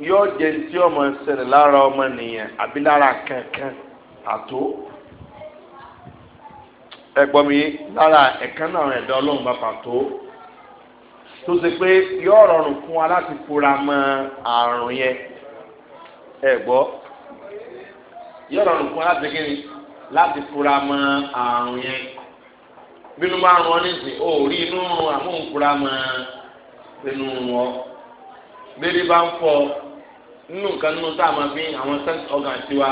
yóò jẹ tí ọmọ ṣẹlẹ̀ lára ọmọ nìyẹn àbí lára kankan àtó ẹ̀gbọ́n mi lára ẹ̀kan náà ẹ̀dá Ọlọ́run bá pàtó tó ṣe pé yóò rọrùn fún wa láti fura mọ́ àrùn yẹn ẹ̀gbọ́ yóò rọrùn fún wa láti kí ni láti fura mọ́ àrùn yẹn bínú bá rún ọ nísìn ó rí inú rún àmúhùnkúra máa bínú rún ọ bẹ́ẹ̀ni bá ń fọ nínú nǹkan nínú tá a máa fi àwọn sense organ tiwa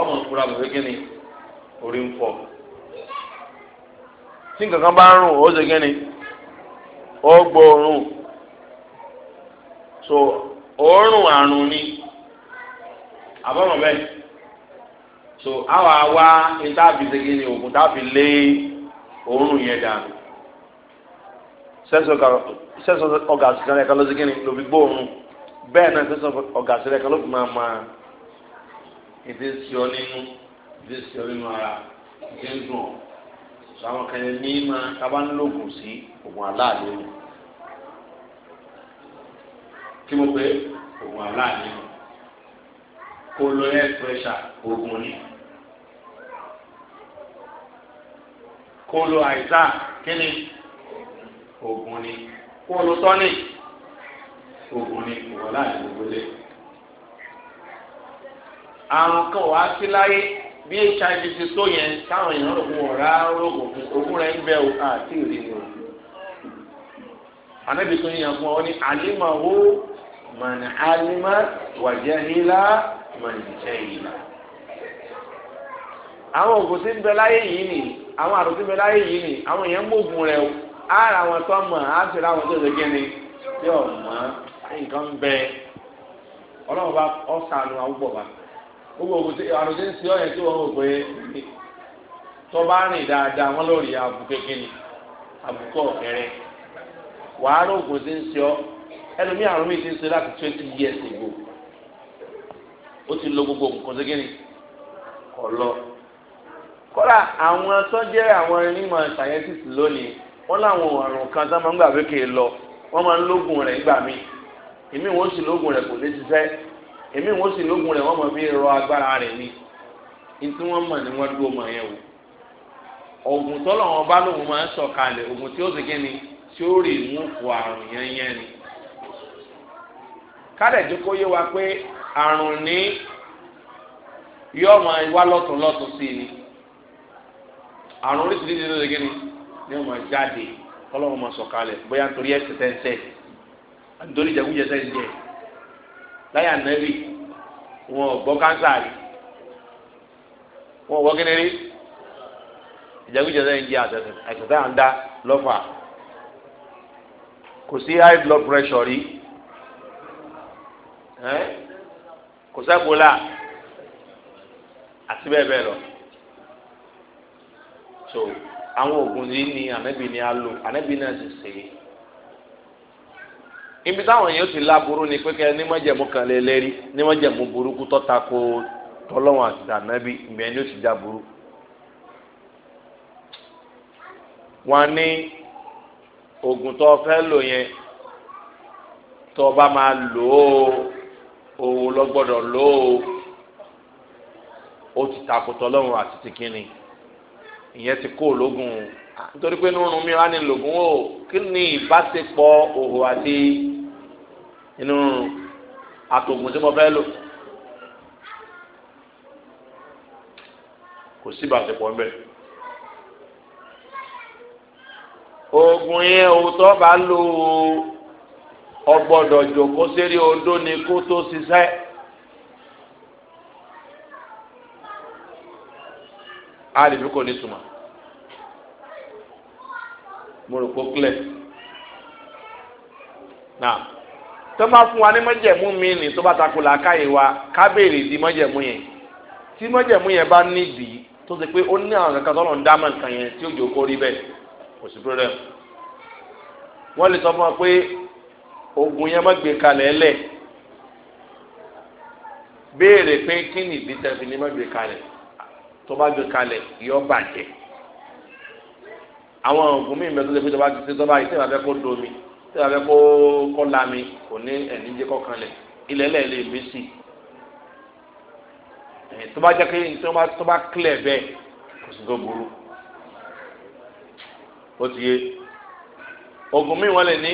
ọmọ nkúra bọ̀ gẹ́gẹ́ ni orí ń fọ tí nǹkan kan bá ń rún o ṣe gẹ́gẹ́ ni ó gbóòórùn so òórùn àrùn ni àbọ̀mọ̀ bẹ́ẹ̀ so àwa wá ní táàbì ṣe gẹ́gẹ́ ni oògùn táàbì lé. òórùn yẹn dànù sẹ́sọ̀ ọ̀gá àṣìkan rẹ̀ kan ló ló fi gbóòórùn náà ló fi máa ma ètè sí nínú ara ètè dùn ọ sàwọn kan ní máa kábà ń lògùn sí ògùn aláàlú ni kí mo pé kó lóyè ni. kólo àìsàn kíni oògùn ni kólo tọ́nì oògùn ni ìwọ̀lá ìgbòho lé. àrùn kan wàá sí láyé bí hiv ti tó yẹn táwọn èèyàn rò fún ọ̀rá oògùn fún rẹ̀ ń bẹ o àti ìrì ni o. ànábì tó yẹn fún ọ ní àlímọ̀ owó mọ̀nà àlímọ̀ wàjẹ́ hílà mọ̀nà jẹ́ hílà. àwọn oògùn tí ń bẹ láyé yìí nìyí àwọn àròsími láyé yìí ni àwọn èèyàn gbógun rẹ o ara wọn tó mọ á sì ra wọn tó ṣe kíni yóò mọ nǹkan bẹ ọlọ́run bá ọ̀sánù àwùjọ bá gbogbo àròsími sí ọ̀yẹ́ tí wọ́n rò pé tó bá rìn dáadáa wọ́n lórí àbùkù kékeré àbùkù ọ̀kẹ́rẹ́ wàá rògùn sí ń ṣe ọ ẹlòmíì àrùn mi ti ń ṣe láti twenty years ago ó ti lo gbogbo nǹkan ṣe kíni kọ̀ lọ. kọ́lá àwọn tó jẹ́ àwọn onímọ̀ scientist lónìí wọ́n láwọn ọ̀rùn kan tó máa ń gbà wékè lọ wọ́n máa ń lógun rẹ̀ gbà mí èmi wọ́n sì lógun rẹ̀ kò lè ṣiṣẹ́ èmi wọ́n sì rẹ̀ wọ́n rọ agbára rẹ̀ ni ntí mọ̀ wọ́n dúró yẹn o oògùn tọ́lọ̀ wọn bá máa ni tí ó mú àrùn oríṣiríṣi ló lè gé ni ní ọmọ jáde kọlọ́wọ́ máa sọ̀kalẹ̀ bóyá nítorí ẹ̀sìn tẹ́ǹsẹ̀ nítorí ìjẹkújẹ sẹ́ǹsẹ̀ láyà nẹ́rì wọn ò gbọ́ kánsà rí wọn ò wọ́ kíni rí ìjẹkújẹ sẹ́ǹsẹ̀ àtẹ̀sẹ̀ àtẹ̀sẹ̀ à ń dá lọ́fà kò sí high blood pressure rí kò sẹ́kùlà àti bẹ́ẹ̀ bẹ́ẹ̀ lọ. so àwọn oògùn yìí ni ànábì ni a lò ànábì náà sì ṣe é ibi táwọn ti láburú ni pé kẹ ní mọ̀jẹ̀mú kan lè lérí ní mọ̀jẹ̀mú burúkú tọ́ta ko tọ́lọ́wọ̀n àti ànábì ìgbẹ́ ni ó ti já burú. wọ́n ní oògùn tó fẹ́ lò yẹn tó bá máa lò ó òun lò ó ó ti takò ìyẹn ti kó ológun ah, nítorí pé inú rún mi wá ní lògùn o kí ni ìbáṣepọ̀ òhò àti inú àtògùn tí mo fẹ́ lò kò sí ìbáṣepọ̀ ń bẹ̀. oògùn yẹn òótọ́ bá lò ó ọgbọ́dọ̀ a lè fi kò ní túmọ̀ mo rò pé clear náà tó bá fún wa ní mọ́jẹ̀mú mi nì tó bá takò làákàyè wa ká béèrè di mọ́jẹ̀mú yẹn tí mọ́jẹ̀mú yẹn bá nídìí tó ṣe pé ó ní àwọn kankan tó lọ ń dá mọ̀ nǹkan yẹn tí ó jò kó rí bẹ́ẹ̀ kò sí problem wọ́n lè sọ fún wa pé oògùn yẹn má gbé kalẹ̀ lẹ̀ béèrè pé kí nìdí tẹ̀sí ni má gbé kalẹ̀ tó bá gbé kalẹ̀ yọ bàjẹ́ àwọn oògùn míì mẹ́tọ́ lè fi tó bá ti ṣe tó bá yìí tẹ́lẹ̀ abẹ́ kó domi tẹ́lẹ̀ abẹ́ kó kọ́ lami kò ní ẹ̀ní jẹ́ kọ́ kanlẹ̀ ilẹ̀ ẹlẹ́ lè mí sí i tó bá jẹ́ pé tó bá kílẹ̀ bẹ́ẹ̀ kò sí tó burú ó ti yé oògùn míì wọ́n lè ní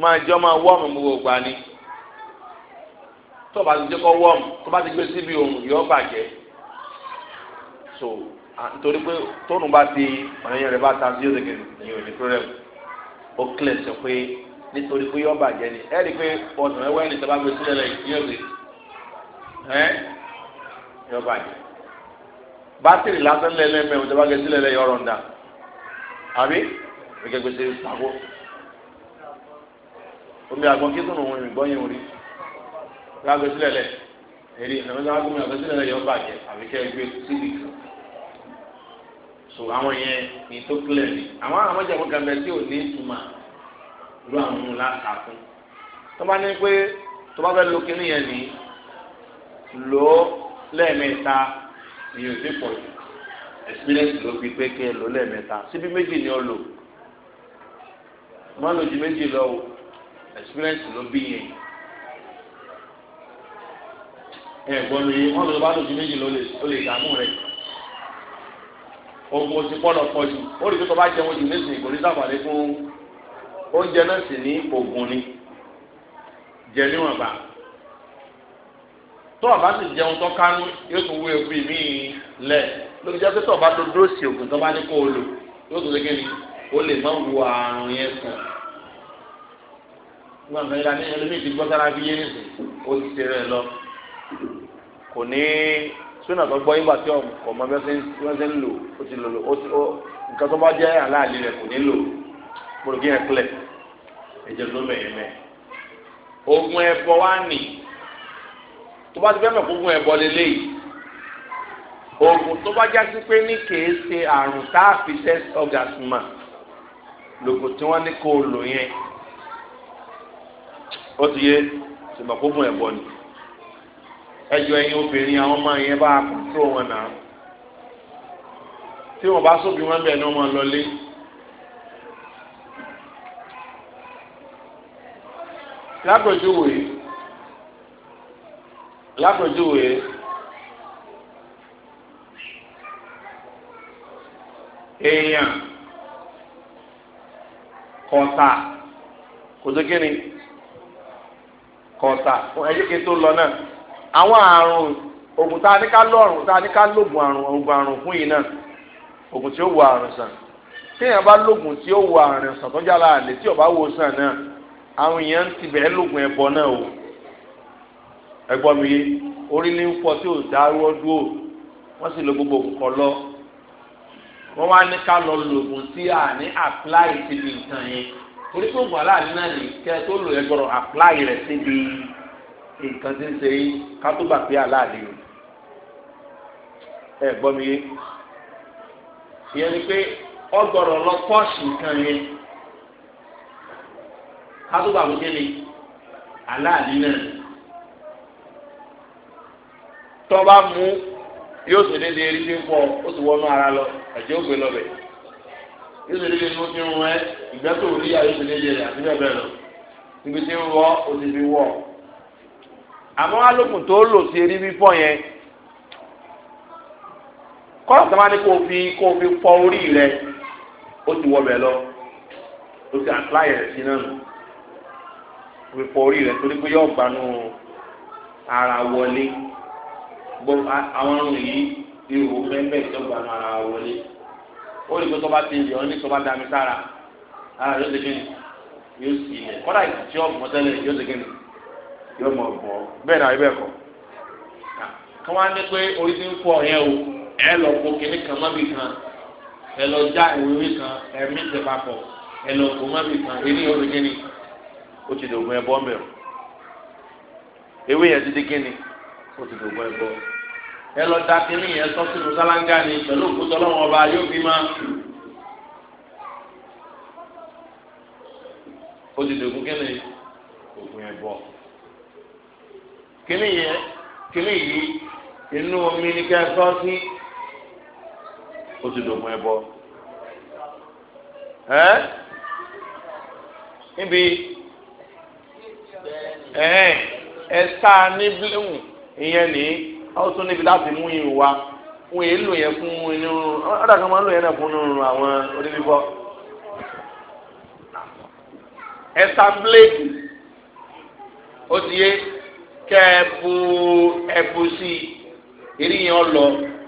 máa jẹ́ ọmọ wọ́ọ̀mù gbogbo gbani tó bá ti jẹ́ kọ́ wọ́ọ̀mù tó ti gbé síbi òun yọ bàjẹ́ so nítorí pé tóun bá ti ọ̀nàyàn rẹ̀ bá ta sí òsèké ní òní problem ó clear sọ pé nítorí pé yọ bàjẹ́ ni ẹ̀ rí i pé ọ̀sán ẹ̀wọ́ ẹni tó bá gbé sílẹ̀ lẹ́yìn ní òsè ẹ̀ yọ bàjẹ́ bátìrì lásán lẹ́lẹ́mẹ̀ òjọba gbé sílẹ̀ lẹ́yìn ọ̀rọ̀ ńdà àbí gẹ́gẹ́ sí sago omi àgbọn kí sùn òun ìgbọ́ yẹn orí lágbèsílẹ̀ lẹ̀ èrè ìnáwó lágbèsílẹ̀ lẹ̀ yọ̀ bàjẹ́ àbíkẹ́ gbé síbi so àwọn yẹn ní tó kílẹ̀ ni àwọn àwọn ọmọdé àwọn gàmbẹ tí ò ní ìtumà irú àwọn ohun láta fún tó bá ní pé tó bá fẹ́ lo kíní yẹn ní lò ó ìyẹn ò sí pọ̀ jù experience ló fi pé kí ẹ lò lẹ́ẹ̀mẹ́ta síbi méjì ni ọ lò má lò ju méjì lọ o experience ló bí yẹn ẹ gbọ́n mi wọ́n lọ bá lò ju méjì lọ ó lè dààmú rẹ̀ oògùn oṣù pọ̀ lọ́pọ̀ jù ó rí i pé tó bá jẹun jù nísìnyí kò ní sàbàlẹ̀ fún oúnjẹ náà sì ní oògùn ni jẹ níwọ̀nba tó o bá sì jẹun tó kánú yóò tún wé ebi míì lẹ̀ lóbi jẹ́ pé tó o bá dodo sí oògùn tó bá ní kó o lò yóò tún lékè ní o lè má wo àrùn yẹn sàn wọn àgbẹ̀ yẹn ní ẹlẹ́mìí ti gbọ́ sára bí yẹn nìsín o ti ṣe rẹ̀ lọ kò ní súnà tó gbọ́ yín gbà tí ọmọ bí wọ́n ṣe ń lò ó ti lò ó nǹkan tó bá jẹ́ aláàlí rẹ̀ kò ní lò pòrògì yẹn kílẹ̀ ẹ̀jẹ̀ ló mẹ̀yẹ mẹ́. ogun ẹ̀bọ wá nì tó bá ti fẹ́ mọ̀ kó ogun ẹ̀bọ lélẹ́yìí ogun tó bá jásí pé ní kèé ṣe àrùn tá a fi lògùn tí wọ́n ní kó o lò yẹn ó ti yé ṣùgbọ́n kó ogun ẹ̀bọ nì ẹjọ ẹyin obìnrin àwọn ọmọ yẹn bá kúrò wọn náà tí wọn bá sóbi wọn bẹ ní ọmọ lọlé. lápèjúwe lápèjúwe èèyàn kọta kò tó kí ni kọta ẹ̀yẹ́kẹ́ tó lọ náà àwọn àrùn ògùn tá a ní ká lọ́rùn tá a ní ká lògùn àrùn ògùn àrùn fún yìí náà ògùn tí ó wo àrùn sàn téèyàn bá lògùn tí ó wo àrùn sàn tó jára àlè tí ó bá wo sàn náà àwọn èèyàn ń tibẹ̀ lògùn ẹ̀bọ náà o ẹ̀gbọ́n mi yé orí ní ń fọ tí ò dáwọ́ dúró wọ́n sì lo gbogbo nǹkan lọ wọ́n wá ní ká lọ lògùn tí a ní apply síbi nǹkan yẹn torí pé ògùn aláàlú náà ní kẹ́ tó lò ẹgbọ́rọ̀ apply rẹ̀ síbi nǹkan tí ń ṣe yí ká tó pé o ẹ gbọ́ mi yé ìyẹn ni pé ọgbọ̀rọ̀ lọ pọ́ọ̀ṣì nǹkan yẹn ká tó pé náà mú yóò ṣe déédéé rí bí pọ̀ ó sì wọnú ara lọ ẹ̀jẹ̀ ó gbé lọ bẹ̀ yóò ṣe déédéé rún ẹ ìgbẹ́ àmọ́ alóògùn tó lò sí eré fífọ́ yẹn kọ́lá sábà ní kó o fi kó o fi fọ orí rẹ ó ti wọ bẹ̀ lọ ó ti àpláyè rẹ̀ sí náà nù ó fi fọ orí rẹ torí pé yóò gbanú ara wọlé gbogbo àwọn ọrùn yìí ihò bẹ́ẹ̀ tó gbanú ara wọlé ó lè gbé tó bá ti yọ ní tó dami sára ara yóò ṣe kí ni yóò sì ilẹ̀ kọ́lá ìtìjọ́ mọ́tẹ́lẹ̀ yóò ṣe kí ni yóò mọ̀ bọ̀ bẹ́ẹ̀ náà ibẹ̀ kọ̀ kí wọ́n á ní pé orí ti ń fọ ọ̀yẹ́ o ẹ lọ kó kinní kan mọ́bì kan ẹ lọ já ìwéwé kan ẹ mí ti papọ̀ ẹ lọ kó mọ́bì kan èyí yóò rí kíni ó ti dògùn ẹ bọ́ mẹ́rọ ewé yẹn ti di kíni ó ti dògùn ẹ bọ́ ẹ lọ da kíní yẹn sọ sínú sálángá ni pẹ̀lú òkúta ọlọ́wọ́n ọba yóò fi máa. ó ti dògùn kíni. kíní yẹn kíní yìí inú omi ní ká sọ sí ó ti dògùn ẹbọ ẹ níbi ẹ ẹ sáà ní bílíwù ìyẹn nìyí àwọn tó níbi láti mú yìí wá wọn èyí lò yẹn fún inú ọ̀dà kan máa lò yẹn náà fún inú àwọn oníbíbọ́. ẹ̀sà bíléèdì ó ti yé kẹ́ẹ̀bù ẹ̀bù sí i ìrìyàn lọ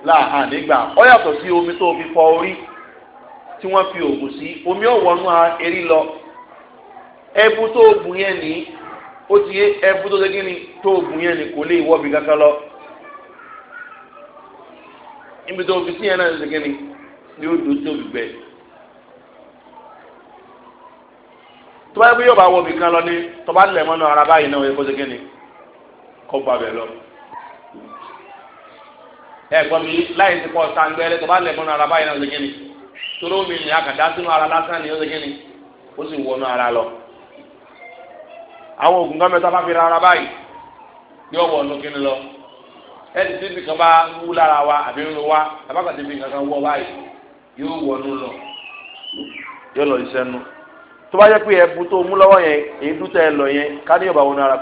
láà nígbà ọ yàtọ̀ sí omi tó fi fọ orí tí wọ́n fi òògùn sí omi ọ̀wọ́nú erí lọ ẹ̀bù tó òògùn yẹn ní ó ti yé ẹ̀bù tó ṣe kí ni tó òògùn yẹn ní kò lè wọ́bi kankan lọ níbi tó fi tíyẹn náà ṣe kí ni ni ó dùn tó fi gbẹ. tó bá yẹ kó yóò bá wọ́bi kan lọ ní tó bá ara báyìí náà ó yẹ kó ṣe kí ni. kó gba lọ. ẹ gbọ́ mi láì ti kọ́ sangbẹ́rẹ́ tó bá lẹ̀ ara báyìí náà ni tóró mi ni àkàdá sínú ara lásán ni lóye ni ó sì wọnú ara lọ. àwọn oògùn kan mẹ́ta bá fi ra ara báyìí yóò wọ̀ ni lọ. wa àbí ń wa tíbi kan kan wọ báyìí yóò wọnú lọ yóò lọ ìṣẹ́nu tó bá yẹ tó mú lọ́wọ́ yẹn tẹ́ ẹ lọ yẹn ká ní ara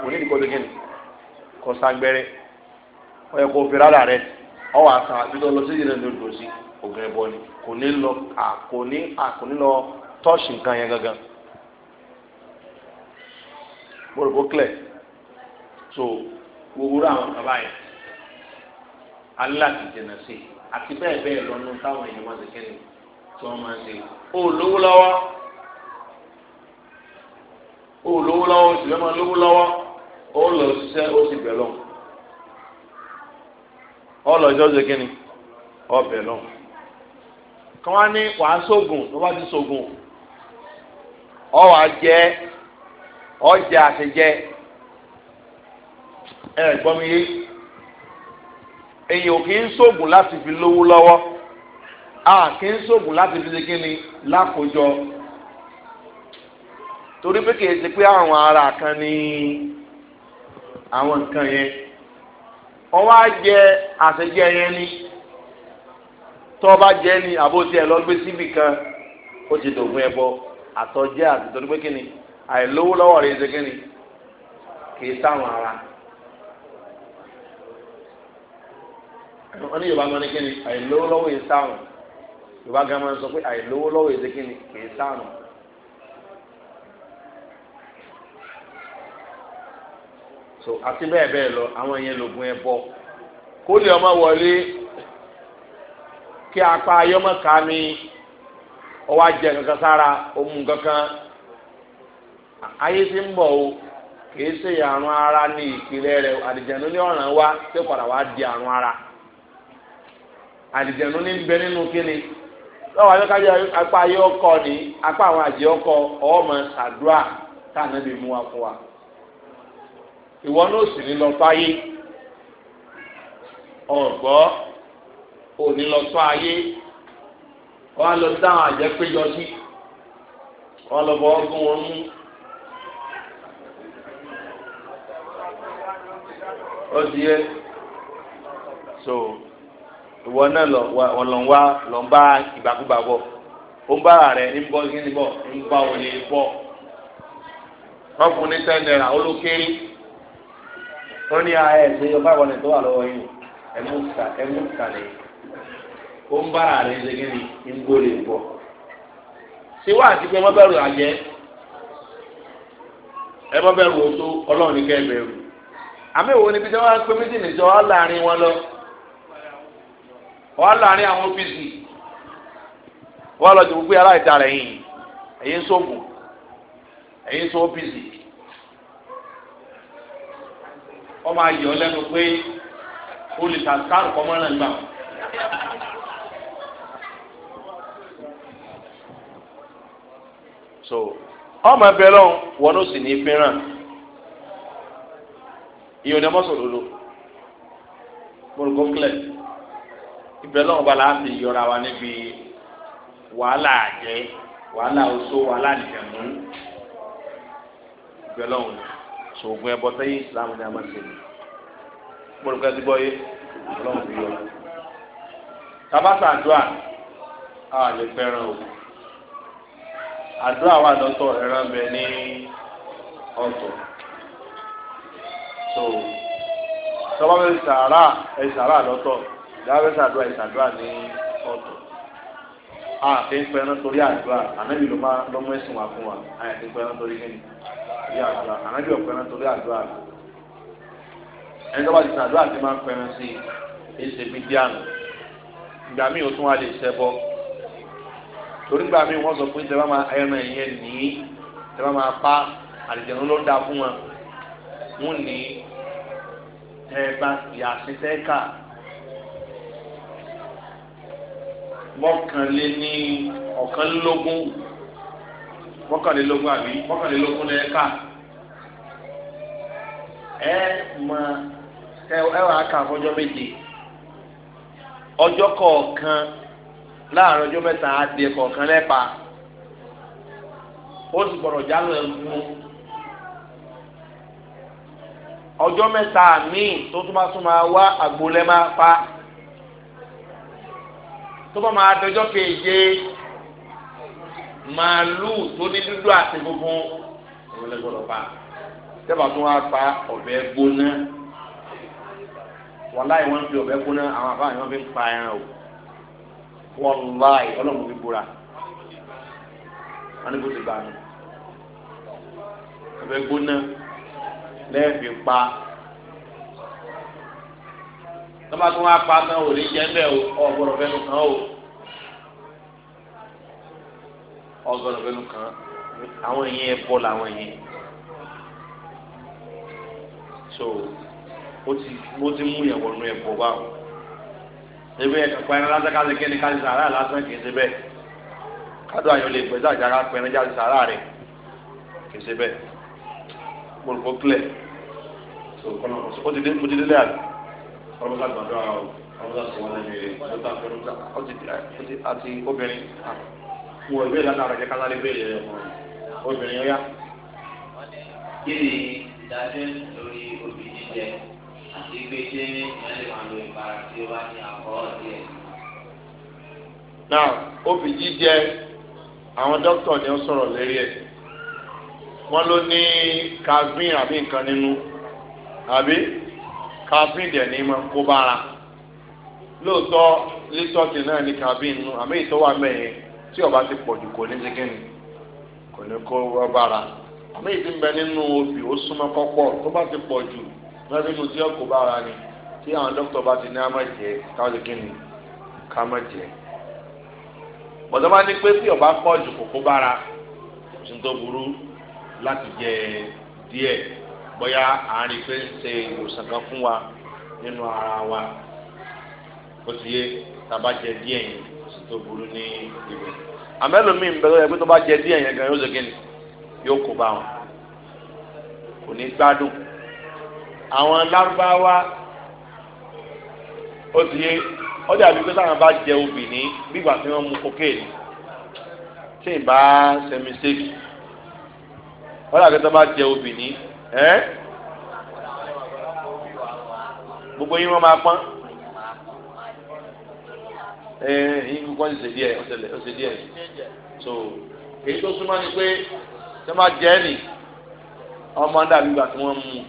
kó ságbẹ́rẹ́ ó yẹ kó fi rárá rẹ ọ wà sàn àbí lọ sí ìrìn àjò dòsí ògùn ẹ̀bọ ni kò ní lọ kò ní kò ní lọ tọ́ọ̀ṣì nǹkan yẹn gangan mo rò kó clear so gbogbo àwọn kaba yẹn aláàtì jẹnà sí àti bẹ́ẹ̀ bẹ́ẹ̀ lọ́nu táwọn èèyàn máa ń sèkéyìn tí wọ́n máa ń ṣe ó lówó lọ́wọ́ ó lówó lọ́wọ́ ó sì fẹ́ máa lówó lọ́wọ́. ó lọ osi ó sì bẹ̀ lọ́hùn ó ọ ṣiṣẹ́ ó wàá ọ wàá jẹ ọjà ẹ gbọ́n mi yé láti fi lówó lọ́wọ́ a kì í sógun láti fi kíni lákòjọ torí pé kì í ara kan ni. àwọn nǹkan yẹn ọwọ́ á jẹ àṣejẹ yẹn ni tọ́ ọba jẹ ni àbótí ẹ̀ lọ gbé síbì kan ó ti dògún ẹ bọ àtọ́jẹ́ àti torí pé kíni àìlówó lọ́wọ́ rẹ̀ ṣe kíni kì í sáwọn ara. wọ́n ní yorùbá máa ní kíni àìlówó lọ́wọ́ yìí sáwọn yorùbá gan máa ń sọ pé àìlówó lọ́wọ́ yìí ṣe kíni kì í sáwọn. so àti bẹ́ẹ̀ bẹ́ẹ̀ lọ àwọn yẹn lògùn ẹ kó lè ọmọ wọlé kí apá ayọ́mọ ká mi ọwọ́ ajẹ kankan sára omu kankan ayé ti ń bọ̀ o kìí ṣe ara ní ìpìlẹ̀ rẹ̀ àdìjẹ̀nu ní ọ̀ràn wa tó padà wá di àrùn ara àdìjẹ̀nu ní bẹ nínú kíni lọ́wọ́ apá ọkọ ni apá àwọn àjẹ́ ọkọ ọmọ sàdúrà mú wa fún wa. ìwọ náà sì ní lọ fáyé ọ̀gbọ́ ò ní lọ fáyé wọ́n á lọ dáhùn àjẹpéjọ sí wọ́n lọ bọ́ ọgún wọn mú. ó di yẹ so ìwọ náà lọ lọ wá lọ bá ìgbàkúgbà bọ̀ ó ń bá rẹ ń bọ́ sí ní bọ̀ ń bá òye bọ̀ wọ́n fún ní ten ó ló kéré. wọ́n ní ayé ẹ̀sẹ̀ yọ báwo ni tó wà lọ́wọ́ yìí ẹ̀mú kà ó ń bára rẹ̀ ṣe kí ni ń gbó bọ̀. ṣé wàá ti pé mọ́bẹ̀rù àjẹ́ ẹ mọ́bẹ̀rù oṣù ọlọ́run ní àmì ni bí láàrin wọn lọ láàrin àwọn ọ́fíìsì wọ́n lọ ti gbogbo aláìta rẹ̀ yìí ẹ̀yin ẹ̀yin kọ́ máa yọ lẹ́nu pé olùtàkàrù kọ́ mọ́ràn gbà. so ọmọ ẹbẹ lọ wọn ló sì ní fẹ́ràn ìyọ̀n ní ọmọsọ̀ lòlò mọ̀lùkọ́kílẹ̀ ibẹ̀ lọ́wọ́ bá láti yọra wa níbi wàhálà àjẹ́ wàhálà oṣó wàhálà nìjẹ̀mú ibẹ̀ lọ́wọ́ lòlò. sòògùn ẹbọ sẹ́yìn islam ní a máa ṣe ti yé ọlọ́run fi yọ. tabata àdúrà a lè fẹ́ràn o àdúrà wà lọ́tọ̀ ẹran bẹ ní ọ̀tọ̀ so tọ́ba bẹ sàárà ẹ sàárà lọ́tọ̀ ìdáwọ́ bẹ ẹ ní ọ̀tọ̀ a fi ń fẹ́ràn torí àdúrà ànábì ló máa lọ́mọ ẹ̀sìn wà fún wa a yẹ fi ń fẹ́ràn torí àbí àdúrà ànábì ọ̀pẹ̀rẹ̀ torí àdúrà rẹ̀ ẹni tó bá ti sàn àdúrà ti máa ń pẹ̀rẹ̀ sí i èsè mi dí àná ìgbà míì ó tún wá lè ṣẹbọ torí ìgbà míì wọ́n sọ pé tẹ bá máa ẹran ẹ̀yẹn nìyí tẹ bá máa pa àlìjẹ̀nu ló dáa fún wọn wọ́n ní tẹ bá fi àṣetẹ́ kà mọ́kànléní ọ̀kànlélógún mọ́kànlélógún àbí mọ́kànlélógún lẹ́ẹ̀ ká ẹ mọ ẹ wàá kà fọjọ́ méje ọjọ́ kọ̀ọ̀kan láàrin ọjọ́ mẹ́ta adé kọ̀ọ̀kan lẹ́pa ó sì gbọ́dọ̀ jálò ẹ̀gbọ́n ọjọ́ mẹ́ta míì tó tún bá tún máa wá àgbo lẹ́ máa pa tó bá máa dọjọ́ keje màálùú tó ní dúdú àti funfun òun lè gbọ́dọ̀ pa tẹ́bà tó wá pa ọ̀bẹ gbóná wàláì wọ́n fi ọ̀bẹ gbóná àwọn àbá yẹn wọ́n fi ń pa ẹran o wàláì ọlọ́run fi búra wọ́n ní kó ti gbà nù ọ̀bẹ gbóná lẹ́ẹ̀fi pa tọ́ba tó wá pa náà ò ní jẹ́ ń bẹ̀ o ọ̀gbọ̀rọ̀ fẹ́nu kan o. ọgbọdọ fẹnu kan àwọn yẹn ẹbọ làwọn yẹn so ó ti ó ti mú yẹn wọnú ẹbọ báwo ebe ẹka pẹrẹ lásán ká lẹkẹ ní kájí sàrà lásán kì í ṣe bẹ́ẹ̀ kádọ àyọ lè gbẹdọ àjàrà pẹrẹ jáde sàrà rẹ kì í ṣe bẹ́ẹ̀ gbòòrò clear so kọlọ ó ti dé ó ti dé lẹ́yà ọlọ́mọdé àgbàdo àwọn ọlọ́mọdé àti wọn lẹ́nu rẹ ọlọ́mọdé àti obìnrin. wọ ebe ìlànà ọ̀rọ̀ jẹ́ kásáré béèrè rẹ̀ ya. Ọ ọ̀yá. kí ni ìdájọ́ jẹ ati jíjẹ àwọn dókítà ni ó sọ̀rọ̀ lérí ẹ̀ wọ́n ló ní kafíìn àbí nǹkan nínú àbí kafíìn dẹ̀ ní náà ní tí ọba ti pọ̀ jù kò ní ṣe kíni kò ní kó bára àmì ìdí ń bẹ nínú obì ó súnmọ́ kọ́pọ̀ bá ti pọ̀ jù lọ nínú tí ọkọ̀ bára ni tí àwọn dókítà ti ní àmọ̀jẹ́ káwọn ṣe kíni ká jẹ bọ̀dọ̀ bá ní pé ọba pọ̀ jù kò kó bára tó burú láti jẹ díẹ̀ bóyá àárín pé ń wa nínú ara wa ó ti yé tá tó burú ní ibẹ̀ àmẹ́lòmíì ń bẹ lọ́yẹ pé tó bá jẹ díẹ̀ yẹn gan yóò ṣe kíni yóò kó bá wọn kò ní gbádùn àwọn lárúbáwá ó ti yé ọjà àbí pé táwọn bá jẹ obì ní bígbà tí wọ́n mu kokéènì tí ì bá sẹmi séèkì ọjà àbí tó bá jẹ obì ẹ́ gbogbo yín wọ́n máa pọ́n. ẹ eh, yín kọ́ ṣe díẹ̀ ó ṣe díẹ̀ so èyí tó súnmọ́ ni pé ṣé máa jẹ́ ẹ̀nì ọmọ dàbí ìgbà tí wọ́n mú ni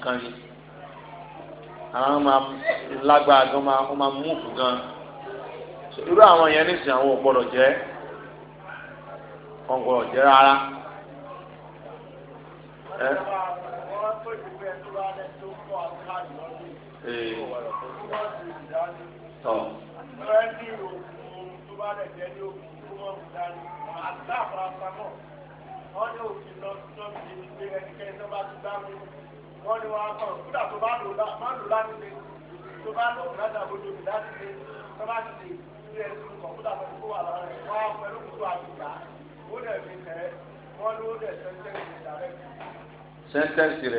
àwọn máa lágbára gan máa máa mú gan irú àwọn yẹn nísìnyí àwọn ọ bá rẹ̀ jẹ́ ní òkú tó wọ́n mú dání àti àfàràfà wọ́n ní òfin lọ sí ọ̀sẹ̀ yìí pé ẹnikẹ́ni tó bá ti gbá mi wọ́n ní wọ́n á kúdà tó bá lò má lò láti tó bá lò ládàá bójú mi láti lè tó bá ti lè sí ẹsùn kọ̀kúdà tó kó wà lára rẹ̀ wọ́n á pẹ̀lú kúkú àgbà ó dẹ̀ fi tẹ̀ wọ́n ló dẹ̀ sẹ́ńtẹ́ǹsì rẹ̀ sẹ́ńtẹ́ǹsì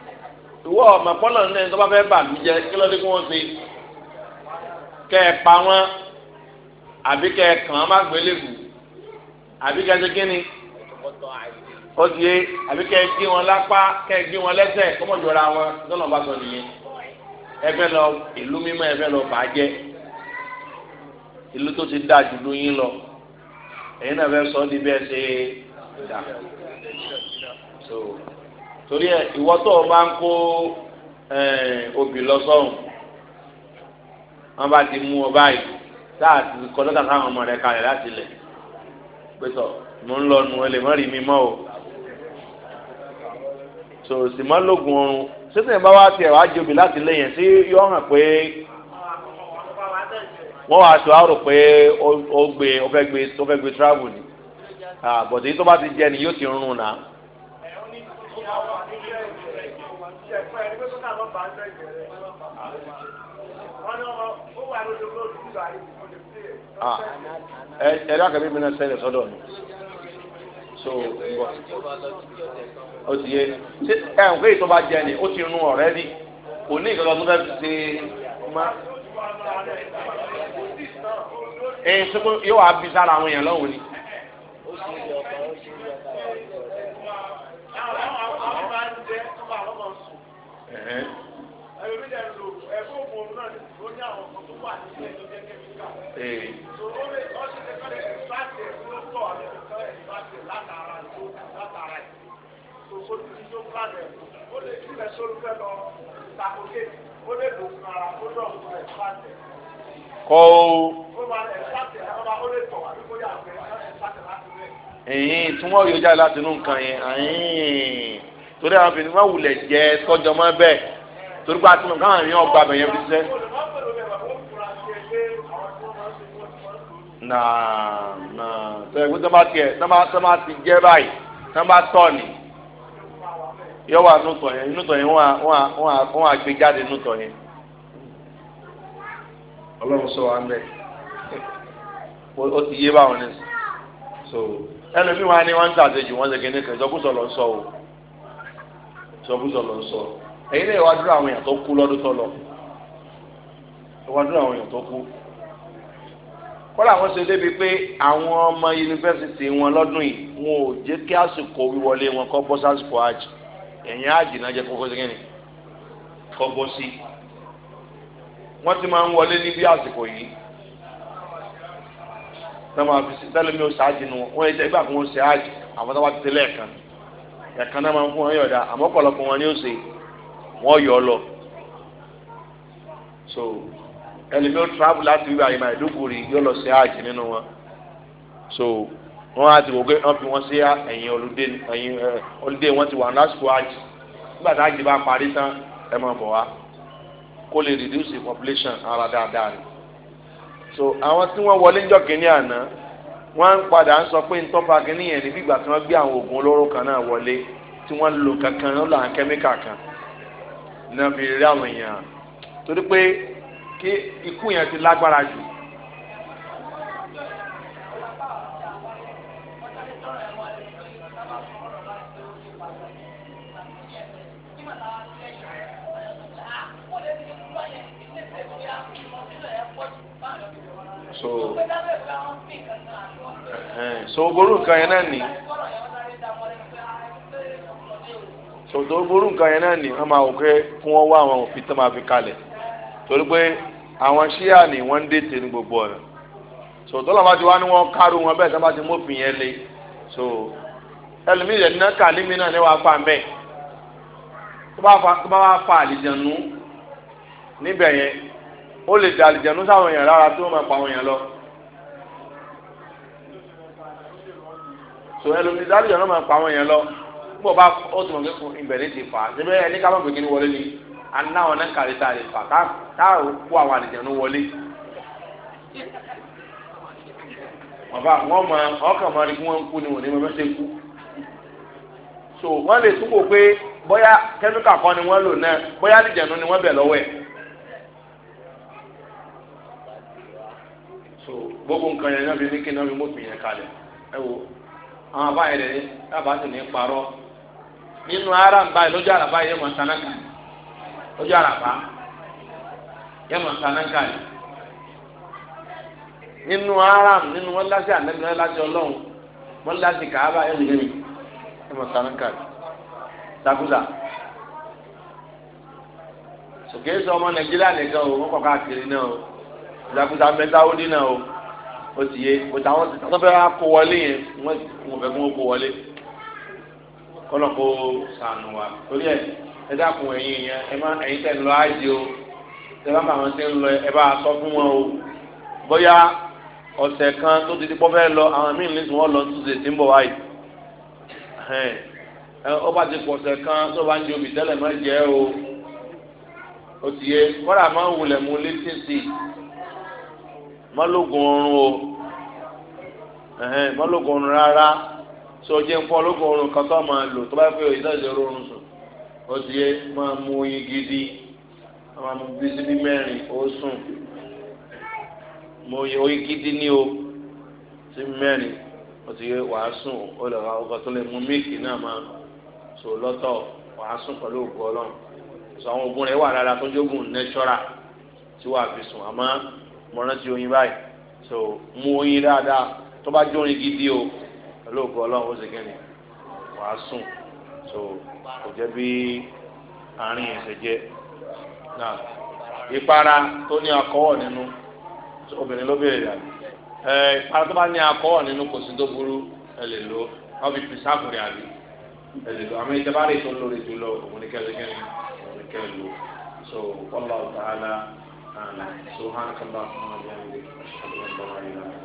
ìwọ ọmọ pọlọ ní ẹni tó bá fẹ́ bà mí jẹ́ kí lọ́dún kí wọ́n ṣe kẹ́ ẹ pa wọ́n àbí kẹ́ ẹ kàn án má gbélébù àbí kẹ́ ẹ ṣe kí ni ó di é àbí kẹ́ ẹ gé wọn lápá kẹ́ ẹ gé wọn lẹ́sẹ̀ kó wọn lọ́nà bá sọ nìyẹn ẹ lọ ìlú mímọ́ ẹ lọ bàá jẹ́ ìlú tó ti dáa jù lóyún lọ èyí náà fẹ́ sọ ọ́ di bẹ́ẹ̀ ṣe dà torí ẹ ìwọ tó o máa ń kó obì lọ sọ́run wọn bá ti mú ọ báyìí sáà ti kọ lọ́tà sáwọn ọmọ rẹ kalẹ̀ láti lẹ̀ pé sọ mo ń lọ nu ẹ lè mọ́ rí mi mọ́ o tò sì mọ́ lógun oorun sísè bá wá tiẹ̀ wá jobi láti lé yẹn sí yọ hàn pé wọ́n wá aṣọ àrò pé ó gbé ó fẹ́ gbé travel ni àbọ̀dé ah, tó bá ti jẹ ni yóò ti rún un náà. Ah, ẹ̀rọ akẹ́bí mi náà ṣẹlẹ̀ sọ́dọ̀ ni so bọ̀ ó ti yé ṣé ẹ̀ ń pé ìtọ́ba jẹ ni ó ti rún ọ̀rẹ́ rí o ní ìkọ̀kọ̀ tó fẹ́ fi ṣe má. ẹ̀yin sọ́kún yóò wá bí sára àwọn èèyàn lọ́wọ́ ni. ẹlòmí dẹ̀ lò o lè ọ́ yóò fúlà láti rẹ̀. nǹkan yẹn torí àwọn obìnrin wọn wulẹ̀ jẹ tọjọ mọ bẹ́ẹ̀ torí pé àti nǹkan àárín ọgbà bẹ̀yẹn fi sẹ́. náà náà tẹ ẹgbẹ́ sábà tiẹ̀ sábà ti jẹ́ báyìí sábà tọ̀ ni yọ wà nù tọ̀ yẹn nù tọ̀ yẹn wọ́n á gbé jáde nù tọ̀ yẹn. ọlọ́run sọ wa ń bẹ̀ o ti yé báwọn ní sọ ẹlòmíì wá ní wọ́n ń tàṣejù wọ́n ṣe kéde kẹjọ kó sọ lọ sọ o sọkúsọ lọ sọ ẹ̀yin náà wàá dúró àwọn èèyàn tó kú lọ́dún tó lọ wàá dúró àwọn èèyàn tó kú kọ́lá àwọn ṣe débi pé àwọn ọmọ yunifásitì wọn lọ́dún yìí wọn ò jẹ́ kí àsìkò wíwọlé wọn kọ́ bọ́ sásìkò àjì ẹ̀yìn àjì náà jẹ́ kókó sẹ́kẹ́ni kọ́ bọ́ sí wọ́n ti máa ń wọlé ní àsìkò yìí tẹ́lẹ̀ mi ò ṣáàjì nu wọn ẹ̀jẹ̀ gbà ṣe àjì àwọn tó wá ti tẹ́lẹ̀ kan ẹ̀kan náà máa ń fún wọn yọ̀dá àmọ́ ọ̀pọ̀lọpọ̀ wọn ni ó ṣe wọ́n yọ ọ lọ. so ẹlẹ́mi ó travel láti wíwá ìmọ̀ ìdúgbòrì yóò lọ sí àjì nínú wọn. so wọ́n á ti wò pé wọ́n fi wọ́n sí ẹ̀yìn olùdé ẹ̀yìn olùdé wọn ti wà lásìkò àjì nígbà tá àjì bá parí tán ẹ máa bọ̀ wá kó lè reduce the population ara dáadáa rẹ̀. so àwọn tí wọ́n wọlé ńjọ́ kìíní àná wọ́n ń padà ń sọ pé ń tọ́pa kínní yẹn níbi ìgbà tí wọ́n gbé àwọn oògùn olóró kan náà wọlé tí wọ́n lò kankan lọ́la kẹ́míkà kan náà fi rí àwọn èèyàn torí pé kí ikú yẹn ti lágbára jù so oboru nǹkan yẹn náà ní so oboru nǹkan yẹn náà ní wọ́n máa wò pé kí wọ́n wá àwọn òfin tó máa fi kalẹ̀ torí pé àwọn ṣíà ni wọ́n ń dètè ní gbogbo ọ̀nà so tọ́lá bá ti wá ní wọ́n kárú wọn bẹ́ẹ̀ sábà ti mófin yẹn le so ẹlòmíì rẹ̀ nínú kàlímì náà ní wàá fà ń bẹ́ẹ̀ tó bá wàá fa àlìjànú níbẹ̀ yẹn ó lè dà àlìjànú sáwọn èèyàn rárá tó máa pa àwọn èèyàn lọ. so ẹlòmíì dáàbò yẹn ló máa pa àwọn yẹn lọ bó bá ó tún mọ̀ pé ìbẹ̀rẹ̀ ti fà síbẹ̀ ẹni ká má gbé kíni wọlé ni aná wọn náà kàrí tá a lè fà tá a kó àwọn àdìjẹ̀nu wọlé. bàbá wọn mọ ọkàn máa rí kí wọn ń kú ni wọn ní wọn fẹsẹ̀ kú. so wọn lè túbọ̀ pé bóyá kẹ́míkà kan ni wọ́n lò náà bóyá àdìjẹ̀nu ni wọ́n bẹ̀ lọ́wọ́ ẹ̀. so gbogbo nǹkan yẹn náà fi ní kí náà fi mú òfin yẹn àwọn àbáyé rẹ̀ dábàá sì ní parọ́ nínú ara ń báyìí lójú àràbá yẹ mọ̀ sanaka lójú àràbá yẹ mọ̀ sanaka yìí nínú ara nínú wọn lásì ànábi wọn lásì ọlọ́run wọn lásì kàába yẹ nìyẹn yẹ mọ̀ sanaka yìí sakusa sòkè sọ ọmọ nàìjíríà nìkan o wọn kọ káàkiri náà o sakusa mẹ́ta dín náà o ó ti yé òtí àwọn ti tán fẹ́ kó wọlé yẹn wọ́n fẹ́ kó kó wọlé kọ́nà kó sànù wa torí ẹ̀ ẹ dákun ẹ̀yin yẹn ẹ má ẹ̀yin tẹ̀ lọ ájì o tẹ bàwọn ṣe ń lọ ẹ bá sọ fún wọn o bóyá ọ̀sẹ̀ kan tó ti di pọ́ fẹ́ lọ àwọn míì nísìnyí wọ́n lọ túnṣe tí ń bọ̀ wáyìí ọba ti pọ̀ ọ̀sẹ̀ kan tó bá ń jẹ omi tẹ́lẹ̀ má jẹ́ o ó ti yé kọ́dà máa wulẹ̀ mu létí sí i mọ́lógún oorun o mọ́lógún oorun rárá sọ jẹ́ ń fọ́ ọlọ́gún oorun kan tó máa lò tó bá fẹ́ òyìn náà ṣe rọrùn sùn ó ti yẹ máa mú oyin gidi máa mú bísí bí mẹ́rin ó sùn mú oyin gidi ní o sí mẹ́rin ó ti yẹ wàá sùn ó lè ra ọkọ̀ tó lè mú mílìkì náà máa sọ lọ́tọ̀ wàá sùn pẹ̀lú ògùn ọlọ́run sọ àwọn ogun rẹ̀ wà lára tó jogún nẹ́tọ́rà tí wàá fi sùn àmọ́ mo rántí oyin báyìí so mu oyin dáadáa tó bá jórin gidi o olóògùn ọlọ́run ó sì kẹ́ni wàá sùn so kò jẹ́ bí àárín ẹ̀sẹ̀ jẹ́ náà ìpara tó ní akọ́wọ̀ nínú obìnrin ló béèrè rà ẹ ìpara tó bá ní akọ́wọ̀ nínú kò sí tó burú ẹ lè lò ó fi pìsáàpù rẹ̀ àbí ẹ lè lò àmọ́ ìjọba rẹ̀ tó lórí jùlọ òun ní kẹ́lẹ́kẹ́lẹ́ òun ní kẹ́lẹ́ lò so wallahu ta'ala. Subhanakallahumma wa bihamdika asyhadu an la ilaha illa anta